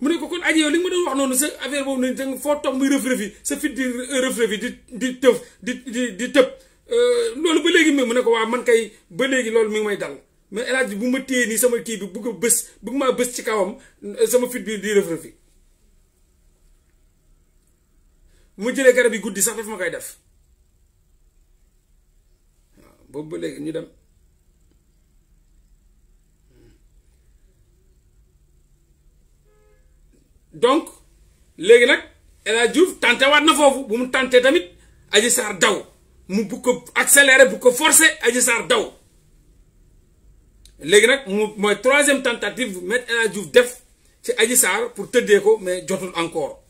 mu ne ko kon aji yow li ma doon wax noonu sa affaire boobu nag danga foo toog muy rëf-rëfi sa fit di rëf-rëfi di di di di di tëb euh, loolu ba léegi mi mu ne ko waa man kay ba léegi loolu mi ngi may dal mais El Hadj ma téye nii sama kii bi bëgg a bës bëgg maa bës ci kawam sama fit bi di rëf-rëfi bu ma jëlee garab yi guddi sax daf ma koy def waaw boobu ba léegi ñu dem. donc légui nak elle a Diouf tante waat na ne bu mu tante tamit Adji sar daw mu bu ko accéléré bu ko forcé Adji sar daw légui nak mu troisième tentative mettre El Diouf def ci Adji sar pour teudé ko mais jotul encore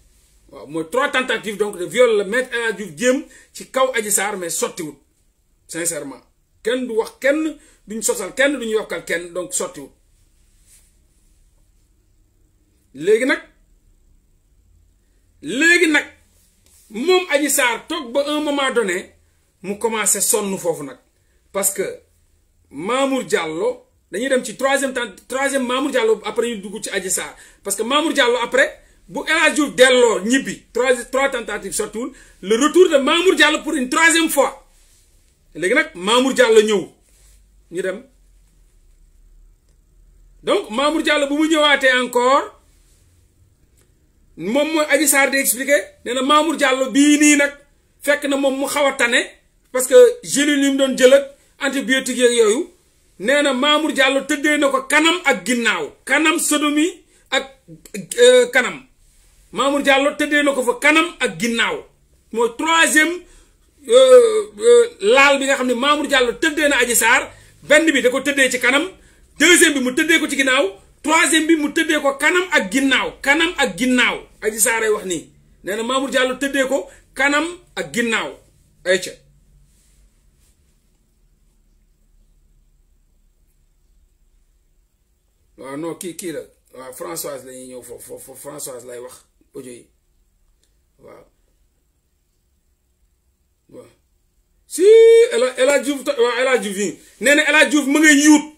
wa trois tentatives donc de viol mettre Me El Hadj Diouf jéem ci kaw Adji sar mais wut sincèrement kenn du wax kenn duñ sosal kenn duñ yokal kenn donc wut légui nak le nak mom sar un moment donné mu commencé sonn fofu parce que Mamour Diallo dañuy dem ci troisième troisième Mamour Diallo après ñu ci parce que Mamour Diallo après bu trois tentatives surtout le retour de Mamour Diallo pour une troisième fois le nak Mamour Diallo ñu dem donc Mamour Diallo bu mu encore. moom mooy Adji Sarr di expliqué nee na Mamour Diallo bii nii nag fekk na moom mu xaw a tane parce que gélunes yi mu doon jël ak antibiotiques yeeg yooyu nee na Mamour tëddee na ko kanam ak ginnaaw kanam sodomi ak euh, kanam Mamour Diallo tëddee na ko fa kanam ak ginnaaw mooy troisième euh, euh, laal bi nga xam ne Mamour Diallo tëddee na Adji saar benn bi da ko tëddee ci kanam deuxième bi mu tëddee ko ci ginnaaw troisième bi mu tëddee ko kanam ak ginnaaw kanam ak ginnaaw aji saaray wax nii nee na Mamour jàll tëddee ko kanam ak ginnaaw ay ca waaw non kii kii la waaw Françoise la ñëw foofu foofu lay wax audio yi waaw waaw si El Hadj Diouf waaw El Hadj Diouf nee na El Hadj ngay yuut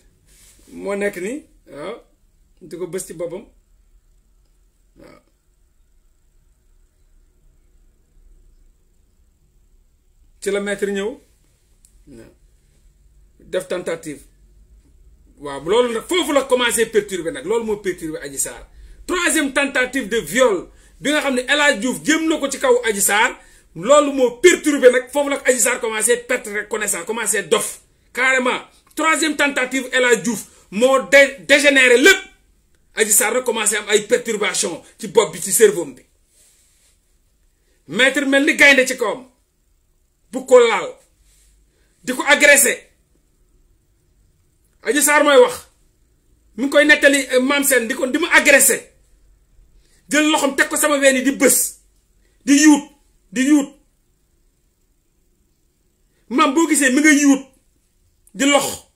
mo tu ni waaw di ko bës ci boppam la maître ñëw def tentative waaw loolu nag commencé perturber nag loolu moo troisième tentative de viol bi nga xam ne El Diouf jëm na ko ci kaw loolu moo commencé carrément troisième tentative elle a Diouf mode dégénéré le a dit ça commencé am ay perturbation ci bopp bi ci cerveau bi maître melni gaynde ci kawam bu ko laal diko agresser agressé Adji Sarr mooy wax mi koy netali euh, mam sen diko dima agresser mu agressé tek ko sama wéni di bës di yout di yout mam bo gisee mi nga yout di lox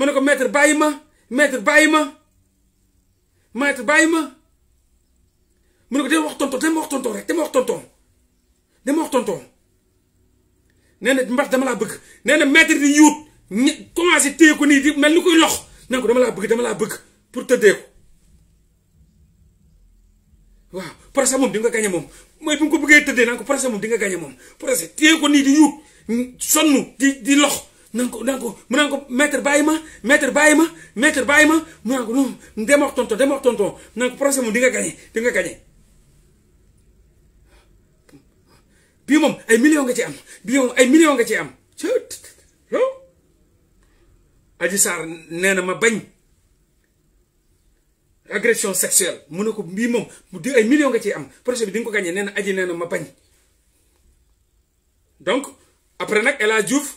mu ko maître bàyyi ma maître bàyyi ma maître bàyyi ma mu ne ko dama wax tonton dama wax tonton rek dama wax tonton dama wax tonton nee dama laa bëgg nee na maître di yuut ña commencé téye ko nii di mel ni koy lox nan ko dama laa bëgg dama laa bëgg pour tëddee ko waaw procès moom di nga gañe moom mooy bu ko bëggee tëddee nan ko procès moom di nga gañe moom procès téye ko nii di yuut sonn di di lox nanko nanko nan nanko mu nanko meter maître bàyyi ma maître nanko ma maître bàyyi ma mu nanko ko non dem wax tonton dem wax tonton nanko naan ko di nga gañe di nga gañe bi mom ay million nga ci am bi mom ay million nga ci am lo aji sar nena ma bagn agression sexuelle mu nako bi mom moom di ay million nga ci am projet bi di nga ko gàñee aji nee ma bagn donc après nak El Hadj Diouf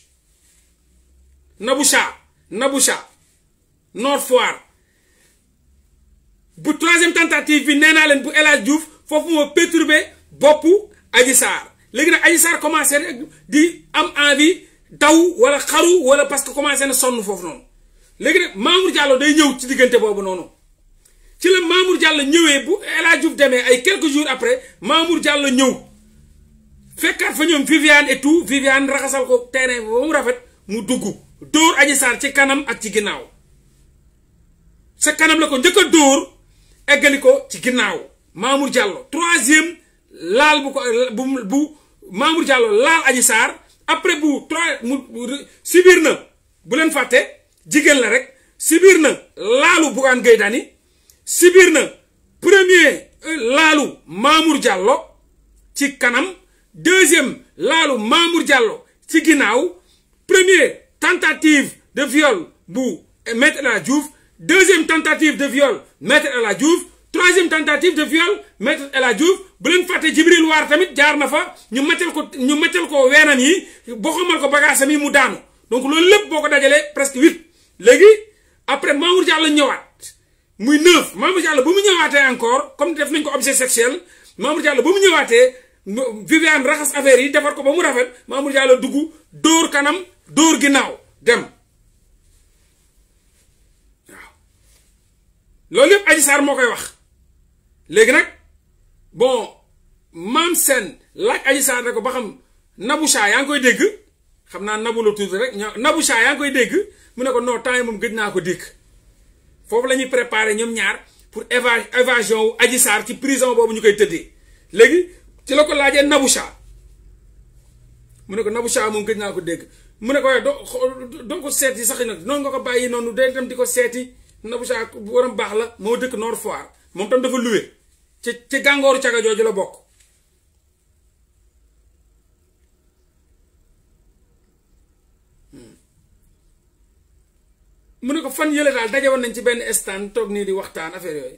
Naboucha Naboucha Nord Foire troisième tentative bi Len naa leen bu El Hadj Diouf foofu moo perturbé boppu à Sarr léegi nag commence à dire, di am envie daw wala xaru wala parce que commencé na sonn foofu noonu léegi Mamour Diallo day ñëw ci diggante boobu noonu ci le Mamour Diallo ñëwee bu El Diouf ay quelques jours après Mamour Diallo ñëw fekkaat fa ñoom Viviane et tout Viviane raxasal ko terrain bi mu rafet dóor Adji Sarr ci kanam ak ci ginnaaw sa kanam la ko njëkk a dóor eggali ko ci ginnaaw Mamour jàllo troisième laal bu ko bu bu jàllo laal Adji Sarr après bu trois mu sibir na bu leen fàtte jigéen la rek sibir na laalu Bougane Gueye Dany sibir na premier euh, laalu Mamour jàllo ci kanam deuxième laalu Mamour jàllo ci ginnaaw premier tentative de viol bu Maître El Diouf deuxième tentative de viol mettre El Hadji Diouf troisième tentative de viol mettre El Hadji Diouf bu Faté fàtte Djibril Waar tamit jaar na fa ñu mettel ko ñu mettel ko weenam yi boxamal ko bagaasam yi mu daanu donc loolu lépp boo ko presque 8 légui après Mamour Diallo ñëwaat muy 9 Mamour Diallo bu mu ñëwaaté encore comme def nañ ko objet sexuel Mamour Diallo bu mu ñëwaaté Viviane raxas affaire yi defar ko ba mu rafet Mamour Diallo dugg dóor kanam dóor ginnaaw dem waaw loolu yëpp Adji Sarr moo koy wax léegi nag bon maam seen laaj Adji Sarr ne ko ba xam Naboucha yaa ngi koy dégg xam naa Nabou la tuuti rek Naboucha yaa ngi koy dégg mu ne ko non temps yi moom gëj naa ko dégg foofu la ñuy préparé ñoom ñaar pour éva évasion wu Adji Sarr ci prison boobu ñu koy tëddee léegi. ci lako Nabusha, nabusha Nabusha mungkin ko nabusha mo gëj naa ko dégg muné ko donc doo sax nak non nga ko bayyi nonu day dem diko ko nabusha Naboucha waram baax la mo dëkk Nord Foire mom tam dafa luwe ci ci gàngooru caga joju la bok hmm. muné ko fan yele dal dajé won nañ ci ben stand tok ni di waxtaan affaire yoy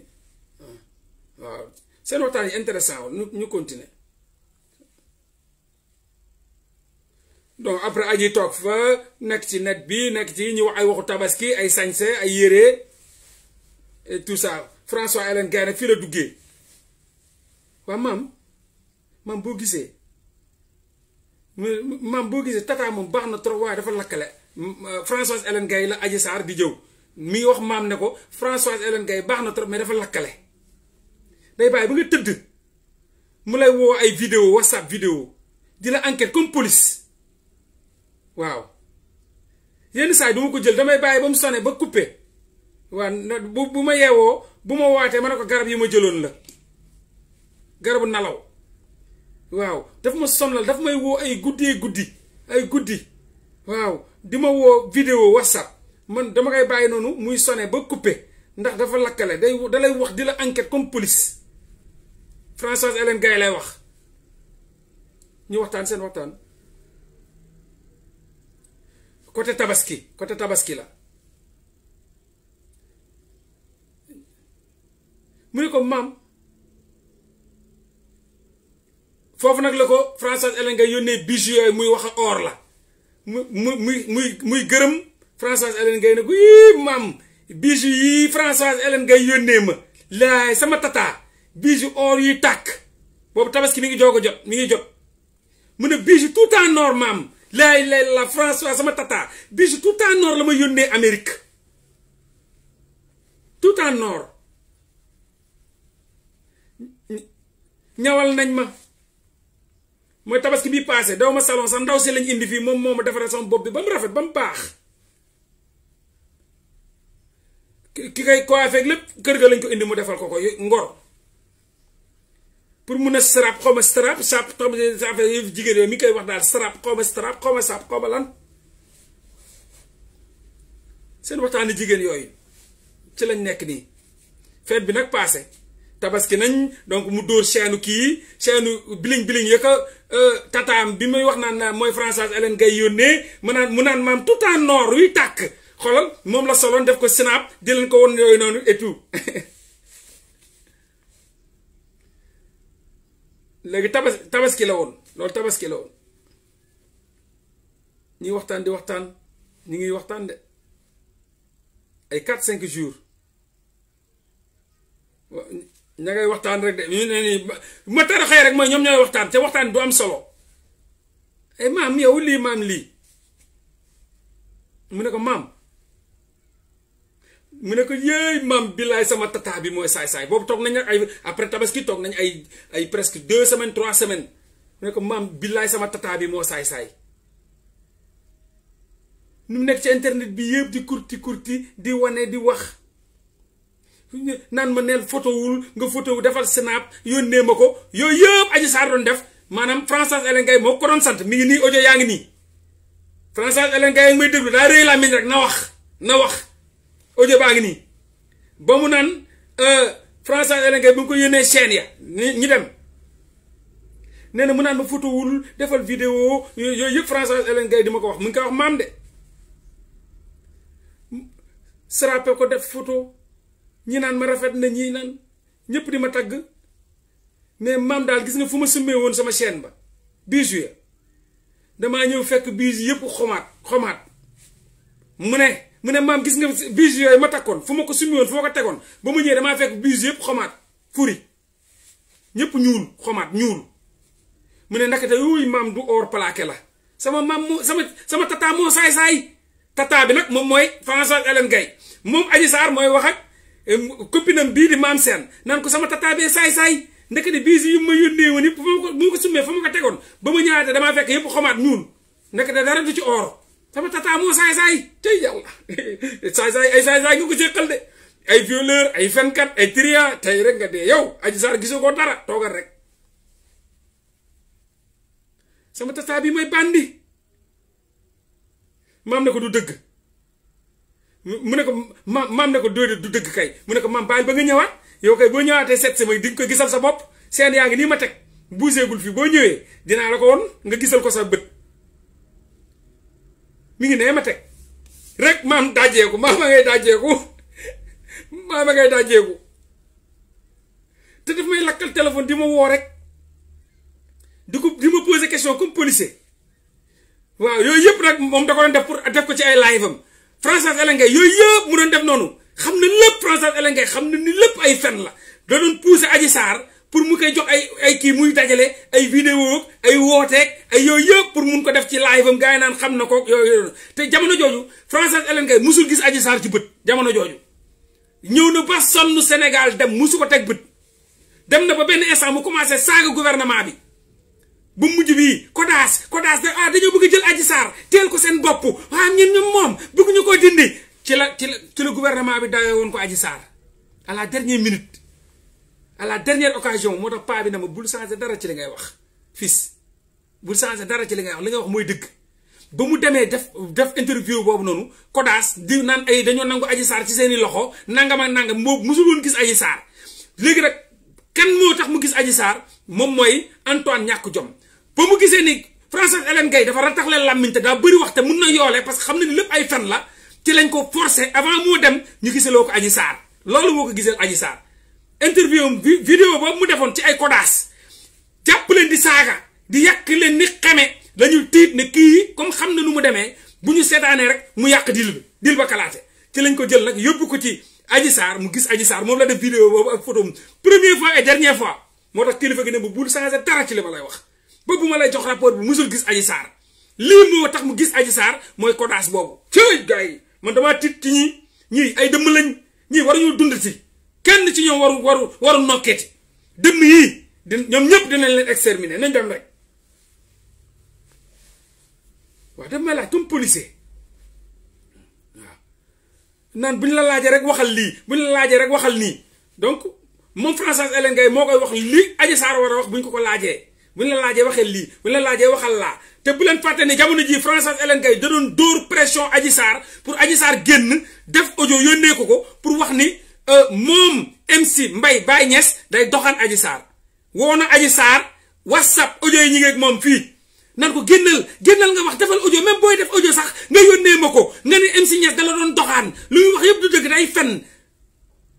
hmm. C'est notre intéressant Nous continuons. donc après aji toog fa nekk ci net bi tabaski et tout ça François Hélène Gaye nag la Maman, maman maman tata trop François Hélène Gaye la aji saar di mi François Hélène Gaye baax trop mais day bàyyi ba nga tëdd mu lay woo ay vidéo whatsapp vidéo di la enquête comme police waaw yenn saa yi ma ko jël damay bàyyi ba mu sonné ba coupé waaw bu bu ma yeewoo bu ma waatee ma ne ko garab yi ma jëloon la garabu nelaw waaw daf ma sonal daf may woo ay guddi guddi ay guddi waaw di ma woo vidéo whatsapp man dama koy bàyyi noonu muy sonné ba coupé ndax dafa lakkale day da lay wax di la enquête comme police Françoise Hélène Gaye lay wax ñu waxtaan seen waxtaan côté tabaski côté tabaski la mu ne ko maam foofu nag la ko Françoise Hélène Gaye yónnee bijou yooyu muy wax or la mu muy muy muy gërëm Françoise Hélène Gaye ne ko yii maam bijou yii Françoise Hélène Gaye yónnee ma laay sama tataa bijou or yi tak, bobu tabaski mi ngi jogo jot mi ngi jot mune bijou tout en or mam la la la France sama tata bijou tout en or la ma yónnee Amérique tout en or ñawal nañ ma moy tabaski bi passé dawma salon sax ndaw si lañ indi fi mom moma defal sama bopp bi ba rafet bam bax ki kay ak lepp keur ga lañ ko indi mu defal ko ko ngor pour mun a sarap xaw ma sarap sap xaw ma affaire jigéen yooyu koy wax daal sarap xaw ma sarap xaw sap xaw ma lan seen waxtaani jigéen yooyu ci lañ nekk nii fête bi nag passé tabaski nañ donc mu dóor chaîne kii chaîne biling biling ya ko euh, tataam bi muy wax naan mooy française Hélène Gaye yónnee mu naan mu naan maam tout en noor yuy tàkk xoolal moom la soloon def ko snap di leen ko won yooyu noonu et léegi tabas tabaski la woon loolu tabaski la woon ñuy waxtaan di waxtaan ñu ngi waxtaan de ay 4 cinq jours ña waxtaan rek de ñu ne nii ma tara xëy rek mooy ñoom ñooy waxtaan te waxtaan du am solo ay eh, maam yow lii maam lii mu ne ko maam mune ko yey mam billaay sama tata bi moy say say bobu tok nañ ay après tabaski tok nañ ay ay presque 2 semaines 3 semaines mune ko mam billaay sama tata bi moy say say nu nek ci internet bi yeb di kurti kurti di wone di wax nan ma photo wul nga wu defal snap yónnee mako ko yeb aji sar doon def manam françois elen gay moko sante sant mi ngi nii audio yaangi ni yang elen gay ngi may déglu la min rek na wax na wax ojo baa ngi nii ba mu naan euh, français Hélène Gueye bu ko yónnee chaîne ya ñi dem nee na mu naan ma fotowul defal vidéo yooyu yëpp français Hélène Gueye di ma ko wax mu ngi ko wax maam de sarape ko def photo ñi naan ma rafet na ñi naan ñëpp di ma tagg ne maam daal gis nga fu ma summee woon sama chaîne ba biis ya damaa ñëw fekk biis yépp xomaat xomaat mu ne mu ne maam gis nga biis yooyu ma takkoon fu ma ko summi woon fu ma ko tegoon ba mu ñëwee damaa fekk biis yëpp xomaat furi ñëpp ñuul xomaat ñuul mu ne ndakate yooyu maam du or plaqué la sama maam sama sama tata moo saay-saay tata bi moom mooy Françoise Hélène Gaye moom Adji Sarr mooy wax ak copinam bii di maam seen naan ko sama tata bee saay-saay ndekete biis yu ma yëpp fu ma ko bu ma ko summee ma ko tegoon ba yëpp xomaat ñuul ndekete dara du ci or sama tata moo say ya saay tey yow say say ay say say ngou ko de ay violeur ay fenkat ay tria tey rek nga de yow aji sar gisoo ko dara togal rek sama tata bi moy bandi mam ne ko du deug mu ne ko mam ne ko do du deug kay mu ne ko mam bàyyil ba nga ñëwaat yow kay bo ñëwaatee set sama di nga ko gisal sa bop seen yaangi ni nii ma teg buuseegul fi bo ñëwee dina la ko won nga gisal ko sa bët mi ngi nee ma teg rek maam dajjeeku maama ngay dajjeeku maama ngay dajjeeku te daf may lakkal téléphone di ma woo rek di ko di ma poser question comme policier waaw yooyu yëpp nag moom da ko doon def pour def ko ci ay live am Françoise Hélène Gaye yooyu yëpp mu doon def noonu xam na lépp Françoise Hélène Gaye xam ne ni lépp ay fen la da doon pousser Adji Sarr pour mu koy jox ay ay ki muy dajalé ay vidéo ay wooteeg ay yoy yépp pour mu ko def ci live am gaay naan xam yo. yoy yoy té jamono jooju Française Hélène gay musul gis Adji sar ci bët jamono joju ñew na ba sonu Sénégal dem musu ko tek bët dem na ba ben instant mu commencé saga gouvernement bi bu mujj bi kodas kodas de ah dañu bëgg jël Adji sar. teel ko sen bop ah ñun ñoom moom bëgguñu koo dindi ci la ci le gouvernement bi dawee woon ko Adji sar à la dernière minute à la dernière occasion mo tax pa bi na ma bul changer dara ci li ngay wax fils bul changer dara ci li ngay wax li ngay wax moy deug ba mu démé def def interview bobu nonu, Kodas di nan ay dañu nangu aji sar ci seeni loxo nangam ak nangam mo musul won gis aji sar léegi nak kan mo tax mu gis aji sar, mom moy Antoine ñak jom ba mu gisé ni François elen gay dafa ratax leen làmmiñ te daa bëri na yolé parce que xamna ni lepp ay fan la ci lañ ko forcer avant mo dem ñu gisé loko aji sar lolu moko gisé aji sar interview am video ba mu defoon ci ay codas japp len di saga di yak len ni xeme dañu tit ne ki comme xamna nu mu demee buñu sétané rek mu yak dil bi dil ba kalaté ci lañ ko jël nak yobbu ko ci Adji sar mu gis Adji sar mom la def video bobu ak photo première fois et dernière fois motax kilifa gi bu bul changer dara ci li balay wax ba bu ma lay jox rapport bi musul gis Adji sar li mo tax mu gis Adji sar moy codas bobu ci gay man dama tit ci ñi ñi ay dem lañ waru ñu dund ci kenn ci ñoom waru waru waru nokkeeti dëmm yii di ñoom ñëpp dinañ leen exterminer nañ dem rek waaw daf may laaj comme policier waaw naan la laajee rek waxal lii bu ñu la laajee rek waxal nii donc moom Françoise Hélène Gaye moo koy wax lii Adji Sarr war wax bu ko ko laajee bu ñu la laajee lii bu ñu laajee waxal laa te bu leen fàtte ne jamono jii Françoise Hélène Gaye da doon dóor pression Adji pour Adji Sarr génn def audio yónnee ko ko pour wax ni. Euh, moom MC Mbaye Baye Niass day doxaan Adji Sarr woo na Adji Sarr whatsapp audio yi ñi ngi ak moom fii nan ko génnal génnal nga wax defal audio même booy def audio sax nga yónnee ma ko nga ne MC doon doxaan lu muy wax yëpp du dëgg day fenn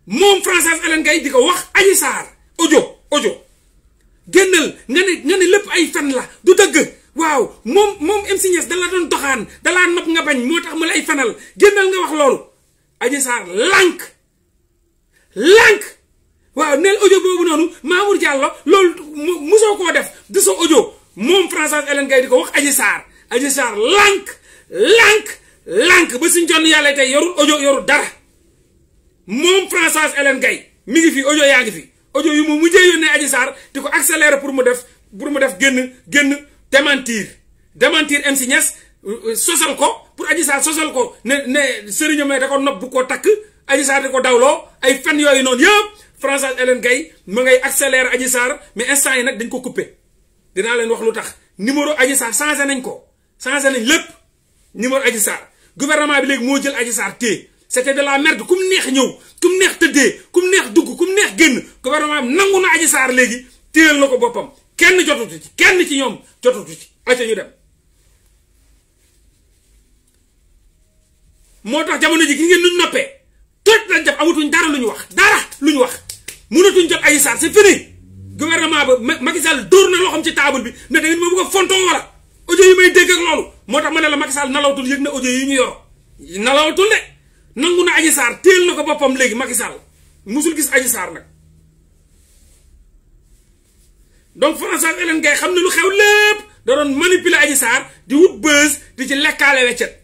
moom Française Hélène di ko wax Adji Sarr audio audio génnal nga ne nga lépp ay fen la du dëgg. waaw moom moom MC Niass da la doon doxaan da laa nopp nga bañ moo tax mu lay fenal génnal nga wax loolu Adji Sarr lànk lànk waaw neel audio boobu noonu Mamour Diallo loolu mosoo koo def de sa audio moom Françoise Hélène Gaye di ko wax Adji saar Adji Sarr lànk lànk lànk ba suñ jonn yàlla tey yorul audio yorul dara moom Françoise Hélène Gaye mi ngi fi audio yaa ngi fi ojo yu mu mujjee yónnee Adji Sarr di ko accélérer pour mu def pour mu def génn génn démentir démentir MC Niass euh, euh, sosal ko pour Adji Sarr sosal ko ne ne sëriñam da ko nopp bu ko takk Adji Sarr di ko dawloo ay fen yooyu noonu yëpp Françoise Hélène Gaye ma ngay accéléré Adji Sarr mais instant yi nag dañ ko coupé dinaa leen wax lu tax numéro Adji Sarr changé nañ ko changé nañ lépp numéro Adji Sarr gouvernement bi léegi moo jël Adji Sarr téye c'était de la merde ku mu neex ñëw ku mu neex tëddee ku mu neex dugg ku mu neex génn gouvernement bi nangu na Adji Sarr léegi téyel na ko boppam kenn jotutu ci kenn ci ñoom jotutu ci acca ñu dem moo tax jamono ji gi ngeen nuñ tëj lañ def amatuñ dara lu ñu wax dara lu ñu wax mënatuñ jot Adji Sarr c'est fini gouvernement ba Macky Sall dóor na loo xam ci taabal bi ne da ngeen ma bëgg a fontoo wala audio yi may dégg ak loolu moo tax ma ne la Macky Sall nalawtul yëg na audio yi ñu yor nalawtul de nangu na Adji Sarr téel na ko boppam léegi Macky Sall musul gis Adji Sarr nag donc Françoise Hélène xam ne lu xew lépp da doon manipuler Adji Sarr di wut buzz di ci lekkaale weccet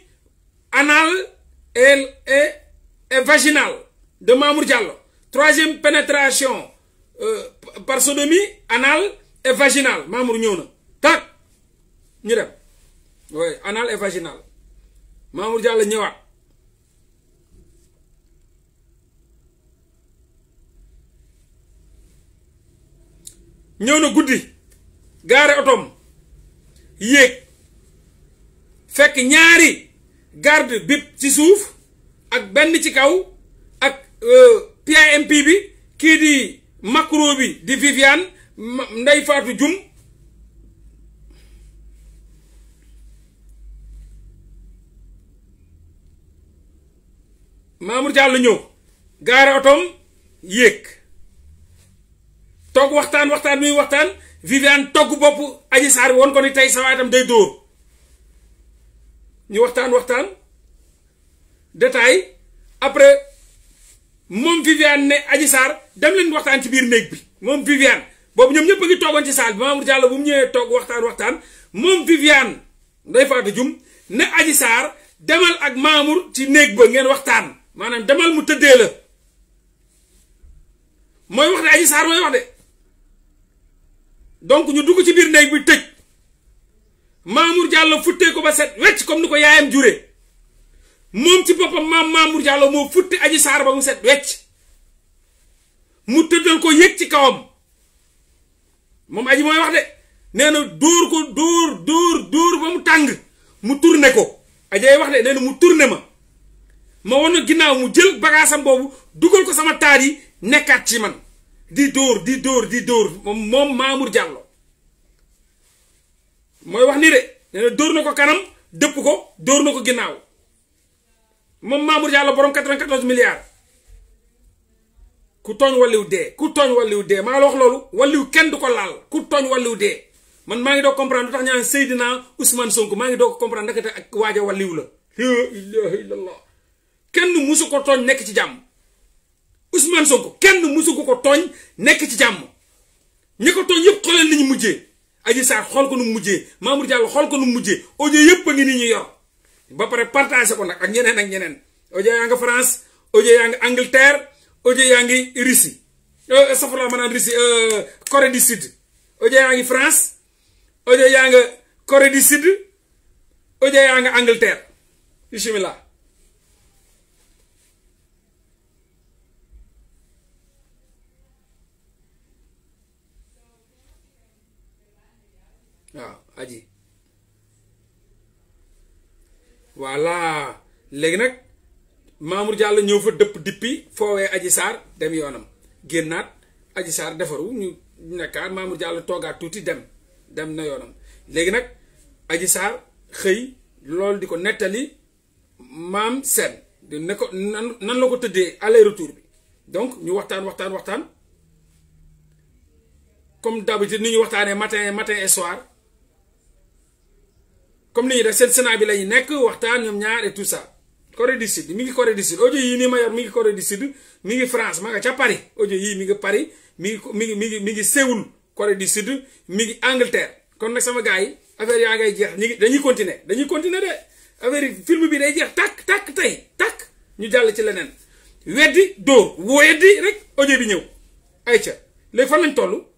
anal et, vaginal de Mamour Diallo. Troisième pénétration euh, par sodomie, anal et vaginal. Mamour Nyon. Tac. Nire. Oui, anal et vaginal. Mamour Diallo est ñëw Goudi. Gare Gare otom Yek. Fek ñaari garde bip ci suuf ak benn ci kaw ak PIMP euh, bi kii di macro bi di Viviane Ndeye Fatou Dioum Mamour Diallo ñëw gaare otoom yéeg toog waxtaan waxtaan muy waxtaan Viviane togg boppu Adji Sarr woon ko ni tey sawaatam day dóor ñu waxtaan waxtaan détail après moom Viviane ne Adji Sarr dem leen waxtaan ci biir néeg bi moom Viviane boobu ñoom ñëpp a ngi toogoon ci saal bi Mamour Diallo bu mu ñëwee toog waxtaan waxtaan moom Viviane Ndeye Fatou Dioum ne Adji Sarr demal ak Mamour ci néeg ba ngeen waxtaan maanaam demal mu tëddee la mooy wax de Adji Sarr mooy wax de donc ñu dugg ci biir néeg bi tëj. Mamour Diallo futtee ko ba set wecc comme ni ko yaayam jure moom ci boppam maam Mamour Diallo moo futte aji saar ba mu set wecc mu tëddal ko yëg ci kawam moom aji mooy wax de nee na dóor ko dóor dóor dóor ba mu tàng mu tourné ko ajay wax de nee na mu turne ma ma wan ginnaaw mu jël bagaasam boobu dugal ko sama taat nekkaat ci man di dóor di dóor di dóor moom Mamour Diallo moy wax ni re nee na dóor ko kanam depp ko door nako ginaaw mom Mamour yalla borom 94 milliards ku togn waliw de ku togn waliw de ma la wax lolou waliw ken du ko laal ku togn waliw de man maa ngi doog comprendre lutax ñaan sayidina Ousmane Sonko maa ngi doog comprendre nakata ak waja waliw la la ilaha illallah kenn musu ko togn nek ci jamm Ousmane Sonko kenn musu ko ko nek ci jamm ñiko ko yep ko len nañu mujjé Adji Sarr xool ko nu mu mujjee Mamour Diallo xool ko nu mu mujjee audio yëpp a ngi nii ñu yor ba pare partagé ko nag ak ñeneen ak ñeneen audio yaa nga France audio yaa ngi Angleterre audio yaa ngi Russie euh, safala ma naan Russie euh, Corée du Sud audio yaa ngi France audio yaa nga Corée du Sud audio yaa nga Angleterre aji voilà léegi nag Mamour Diallo ñëw fa dëpp dippi foowee aji saar dem yoonam génnaat aji saar defaru ñu nekkaat Mamour Diallo toogaat tuuti dem dem na yoonam léegi nag aji saar xëy loolu di ko nettali maam seen di ne ko nan nan la ko tëddee aller retour bi donc ñu waxtaan waxtaan waxtaan comme d'habitude ni ñu waxtaanee matin matin et soir comme ni ñuy def seen Sénat bi la nekk waxtaan ñoom ñaar et tout ça Corée du Sud mi ngi Corée du Sud audio yii nii ma yor mi ngi Corée du Sud mi ngi France ma nga ca Paris audio yii mi ngi Paris mi ngi mi ngi mi ngi mi ngi Séoul du Sud mi ngi Angleterre kon nag sama gars yi affaire yaa ngay jeex ñu ngi dañuy continuer dañuy continuer de affaire yi film bi day jeex tàkk tàkk tey tàkk ñu jàll ci leneen weddi dóor woo weddi rek ojo bi ñëw ay ca léegi fan lañ toll